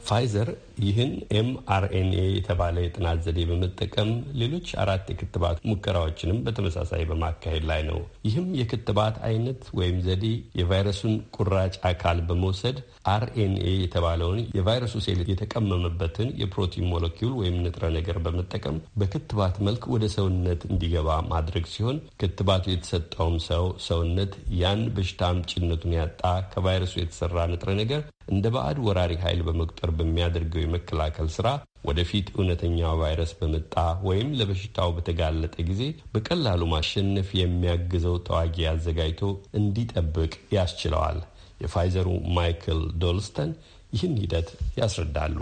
ፋይዘር ይህን ኤምአርኤንኤ የተባለ የጥናት ዘዴ በመጠቀም ሌሎች አራት የክትባት ሙከራዎችንም በተመሳሳይ በማካሄድ ላይ ነው። ይህም የክትባት አይነት ወይም ዘዴ የቫይረሱን ቁራጭ አካል በመውሰድ አርኤንኤ የተባለውን የቫይረሱ ሴል የተቀመመበትን የፕሮቲን ሞለኪውል ወይም ንጥረ ነገር በመጠቀም በክትባት መልክ ወደ ሰውነት እንዲገባ ማድረግ ሲሆን ክትባቱ የተሰጠውም ሰው ሰውነት ያን በሽታ አምጪነቱን ያጣ ከቫይረሱ የተሰራ ንጥረ ነገር እንደ ባዕድ ወራሪ ኃይል በመቁጠር በሚያደርገው የመከላከል ስራ ወደፊት እውነተኛው ቫይረስ በመጣ ወይም ለበሽታው በተጋለጠ ጊዜ በቀላሉ ማሸነፍ የሚያግዘው ተዋጊ አዘጋጅቶ እንዲጠብቅ ያስችለዋል። የፋይዘሩ ማይክል ዶልስተን ይህን ሂደት ያስረዳሉ።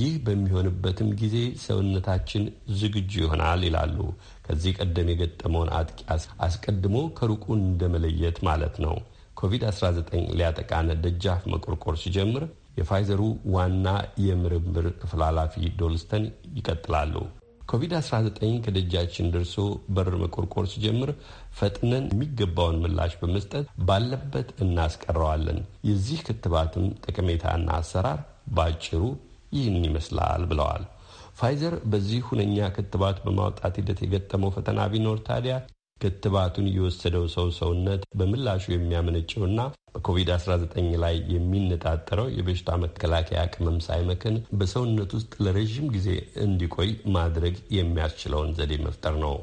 ይህ በሚሆንበትም ጊዜ ሰውነታችን ዝግጁ ይሆናል ይላሉ። ከዚህ ቀደም የገጠመውን አጥቂ አስቀድሞ ከሩቁ እንደመለየት ማለት ነው። ኮቪድ-19 ሊያጠቃን ደጃፍ መቆርቆር ሲጀምር የፋይዘሩ ዋና የምርምር ክፍል ኃላፊ ዶልስተን ይቀጥላሉ። ኮቪድ-19 ከደጃችን ደርሶ በር መቆርቆር ሲጀምር ፈጥነን የሚገባውን ምላሽ በመስጠት ባለበት እናስቀረዋለን። የዚህ ክትባትም ጠቀሜታና አሰራር በአጭሩ ይህን ይመስላል ብለዋል። ፋይዘር በዚህ ሁነኛ ክትባት በማውጣት ሂደት የገጠመው ፈተና ቢኖር ታዲያ ክትባቱን የወሰደው ሰው ሰውነት በምላሹ የሚያመነጨውና በኮቪድ-19 ላይ የሚነጣጠረው የበሽታ መከላከያ ቅመም ሳይመክን በሰውነት ውስጥ ለረዥም ጊዜ እንዲቆይ ማድረግ የሚያስችለውን ዘዴ መፍጠር ነው።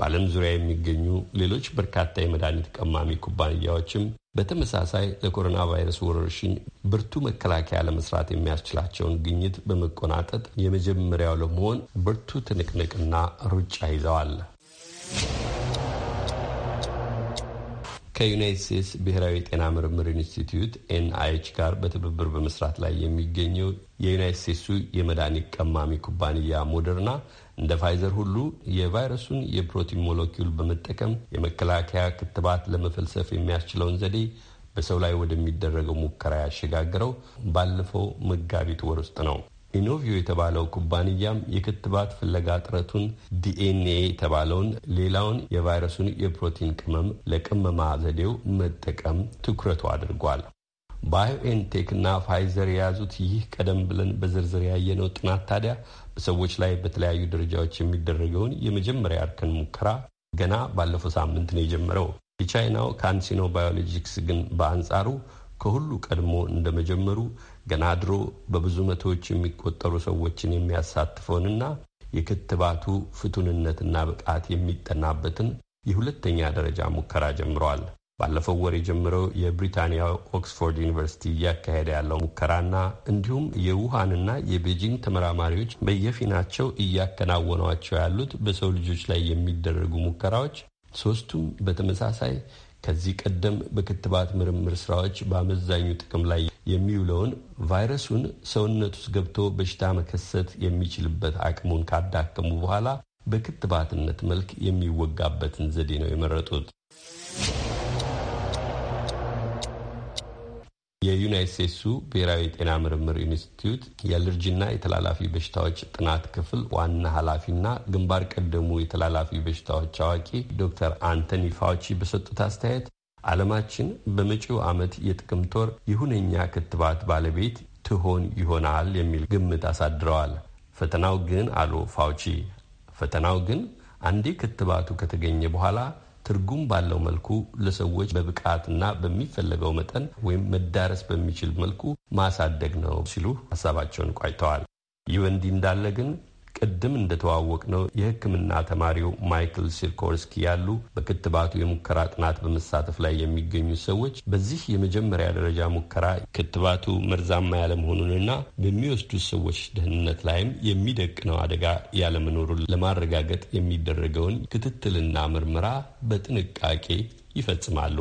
በዓለም ዙሪያ የሚገኙ ሌሎች በርካታ የመድኃኒት ቀማሚ ኩባንያዎችም በተመሳሳይ ለኮሮና ቫይረስ ወረርሽኝ ብርቱ መከላከያ ለመስራት የሚያስችላቸውን ግኝት በመቆናጠጥ የመጀመሪያው ለመሆን ብርቱ ትንቅንቅና ሩጫ ይዘዋል። ከዩናይት ስቴትስ ብሔራዊ የጤና ምርምር ኢንስቲትዩት ኤንአይች ጋር በትብብር በመስራት ላይ የሚገኘው የዩናይት ስቴትሱ የመድኃኒት ቀማሚ ኩባንያ ሞደርና እንደ ፋይዘር ሁሉ የቫይረሱን የፕሮቲን ሞለኪውል በመጠቀም የመከላከያ ክትባት ለመፈልሰፍ የሚያስችለውን ዘዴ በሰው ላይ ወደሚደረገው ሙከራ ያሸጋግረው ባለፈው መጋቢት ወር ውስጥ ነው። ኢኖቪዮ የተባለው ኩባንያም የክትባት ፍለጋ ጥረቱን ዲኤንኤ የተባለውን ሌላውን የቫይረሱን የፕሮቲን ቅመም ለቅመማ ዘዴው መጠቀም ትኩረቱ አድርጓል። ባዮኤንቴክ እና ፋይዘር የያዙት ይህ ቀደም ብለን በዝርዝር ያየነው ጥናት ታዲያ በሰዎች ላይ በተለያዩ ደረጃዎች የሚደረገውን የመጀመሪያ እርከን ሙከራ ገና ባለፈው ሳምንት ነው የጀመረው። የቻይናው ካንሲኖ ባዮሎጂክስ ግን በአንጻሩ ከሁሉ ቀድሞ እንደመጀመሩ ገና ድሮ በብዙ መቶዎች የሚቆጠሩ ሰዎችን የሚያሳትፈውንና የክትባቱ ፍቱንነትና ብቃት የሚጠናበትን የሁለተኛ ደረጃ ሙከራ ጀምረዋል። ባለፈው ወር የጀመረው የብሪታንያ ኦክስፎርድ ዩኒቨርሲቲ እያካሄደ ያለው ሙከራና እንዲሁም የውሃንና የቤጂንግ ተመራማሪዎች በየፊናቸው እያከናወኗቸው ያሉት በሰው ልጆች ላይ የሚደረጉ ሙከራዎች ሶስቱም በተመሳሳይ ከዚህ ቀደም በክትባት ምርምር ስራዎች በአመዛኙ ጥቅም ላይ የሚውለውን ቫይረሱን ሰውነት ውስጥ ገብቶ በሽታ መከሰት የሚችልበት አቅሙን ካዳከሙ በኋላ በክትባትነት መልክ የሚወጋበትን ዘዴ ነው የመረጡት። የዩናይት ስቴትሱ ብሔራዊ የጤና ምርምር ኢንስቲትዩት የአለርጂና የተላላፊ በሽታዎች ጥናት ክፍል ዋና ኃላፊና ግንባር ቀደሙ የተላላፊ በሽታዎች አዋቂ ዶክተር አንቶኒ ፋውቺ በሰጡት አስተያየት ዓለማችን በመጪው ዓመት የጥቅምት ወር ይሁነኛ ክትባት ባለቤት ትሆን ይሆናል የሚል ግምት አሳድረዋል። ፈተናው ግን አሉ ፋውቺ፣ ፈተናው ግን አንዴ ክትባቱ ከተገኘ በኋላ ትርጉም ባለው መልኩ ለሰዎች በብቃትና በሚፈለገው መጠን ወይም መዳረስ በሚችል መልኩ ማሳደግ ነው ሲሉ ሀሳባቸውን ቋጭተዋል። ይህ እንዲህ እንዳለ ግን ቅድም እንደተዋወቅ ነው የሕክምና ተማሪው ማይክል ሲርኮርስኪ ያሉ በክትባቱ የሙከራ ጥናት በመሳተፍ ላይ የሚገኙ ሰዎች በዚህ የመጀመሪያ ደረጃ ሙከራ ክትባቱ መርዛማ ያለመሆኑንና በሚወስዱት ሰዎች ደህንነት ላይም የሚደቅነው አደጋ ያለመኖሩን ለማረጋገጥ የሚደረገውን ክትትልና ምርመራ በጥንቃቄ ይፈጽማሉ።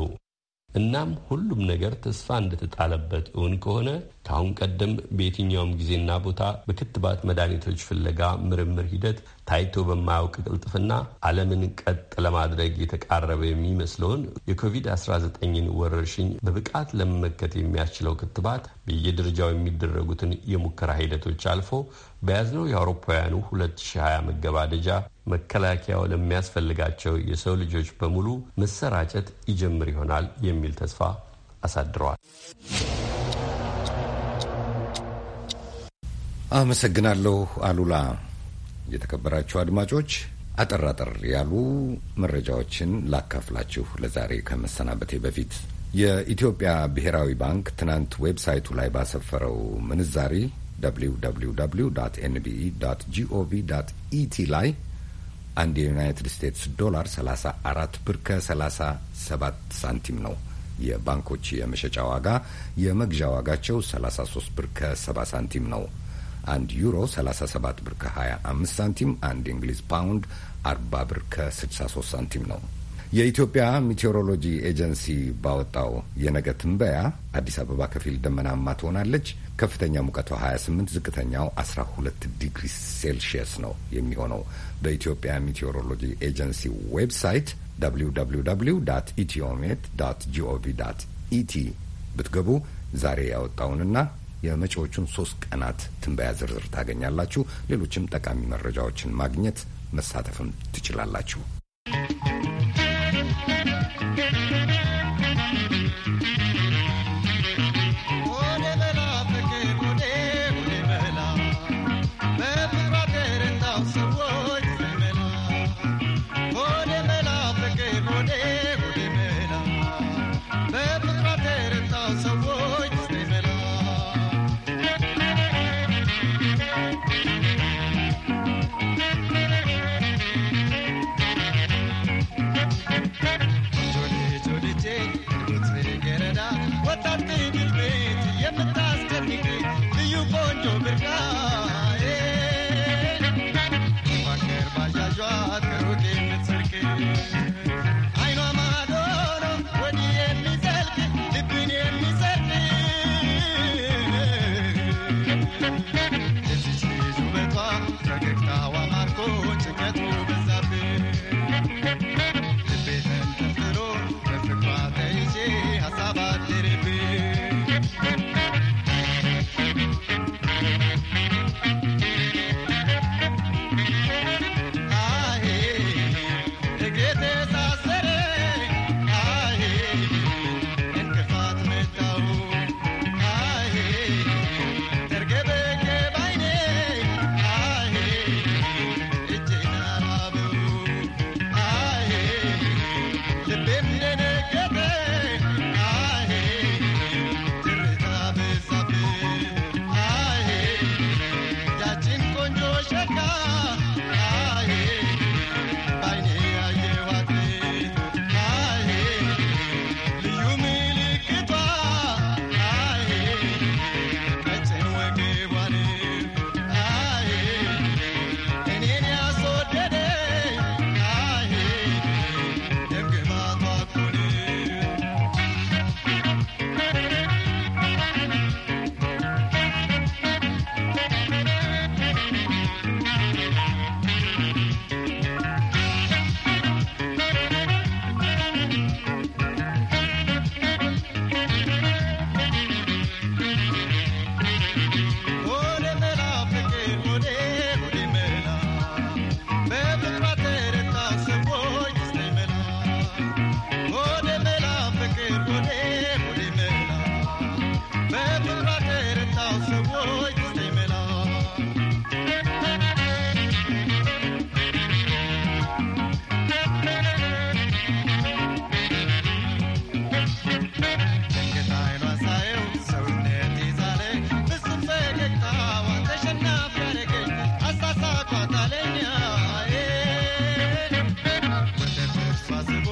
እናም ሁሉም ነገር ተስፋ እንደተጣለበት እውን ከሆነ ከአሁን ቀደም በየትኛውም ጊዜና ቦታ በክትባት መድኃኒቶች ፍለጋ ምርምር ሂደት ታይቶ በማያውቅ ቅልጥፍና ዓለምን ቀጥ ለማድረግ የተቃረበ የሚመስለውን የኮቪድ-19ን ወረርሽኝ በብቃት ለመመከት የሚያስችለው ክትባት በየደረጃው የሚደረጉትን የሙከራ ሂደቶች አልፎ በያዝነው የአውሮፓውያኑ 2020 መገባደጃ መከላከያው ለሚያስፈልጋቸው የሰው ልጆች በሙሉ መሰራጨት ይጀምር ይሆናል የሚል ተስፋ
አሳድረዋል። አመሰግናለሁ አሉላ። የተከበራችሁ አድማጮች አጠር አጠር ያሉ መረጃዎችን ላካፍላችሁ ለዛሬ ከመሰናበቴ በፊት የኢትዮጵያ ብሔራዊ ባንክ ትናንት ዌብሳይቱ ላይ ባሰፈረው ምንዛሪ www ኤንቢኢ ጂኦቪ ኢቲ ላይ አንድ የዩናይትድ ስቴትስ ዶላር 34 ብር ከ37 ሳንቲም ነው። የባንኮች የመሸጫ ዋጋ የመግዣ ዋጋቸው 33 ብር ከ70 ሳንቲም ነው። አንድ ዩሮ 37 ብር ከ25 ሳንቲም፣ አንድ እንግሊዝ ፓውንድ 40 ብር ከ63 ሳንቲም ነው። የኢትዮጵያ ሜቴዎሮሎጂ ኤጀንሲ ባወጣው የነገ ትንበያ አዲስ አበባ ከፊል ደመናማ ትሆናለች። ከፍተኛ ሙቀቷ 28፣ ዝቅተኛው 12 ዲግሪ ሴልሽየስ ነው የሚሆነው። በኢትዮጵያ ሜቴዎሮሎጂ ኤጀንሲ ዌብሳይት www ኢትዮሜት ጂኦቪ ኢቲ ብትገቡ ዛሬ ያወጣውንና የመጪዎቹን ሶስት ቀናት ትንበያ ዝርዝር ታገኛላችሁ። ሌሎችም ጠቃሚ መረጃዎችን ማግኘት መሳተፍም ትችላላችሁ። father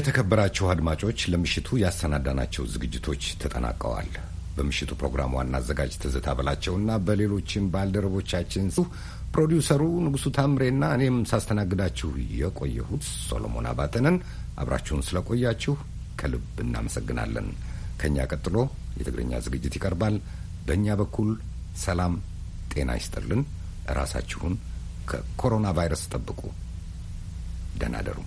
የተከበራችሁ አድማጮች ለምሽቱ ያሰናዳናቸው ዝግጅቶች ተጠናቀዋል። በምሽቱ ፕሮግራም ዋና አዘጋጅ ትዝታ በላቸውና በሌሎችም ባልደረቦቻችን ፕሮዲውሰሩ ንጉሱ ታምሬና እኔም ሳስተናግዳችሁ የቆየሁት ሶሎሞን አባተንን አብራችሁን ስለቆያችሁ ከልብ እናመሰግናለን። ከእኛ ቀጥሎ የትግርኛ ዝግጅት ይቀርባል። በእኛ በኩል ሰላም ጤና ይስጥልን። ራሳችሁን ከኮሮና ቫይረስ ጠብቁ። ደህና ደሩ።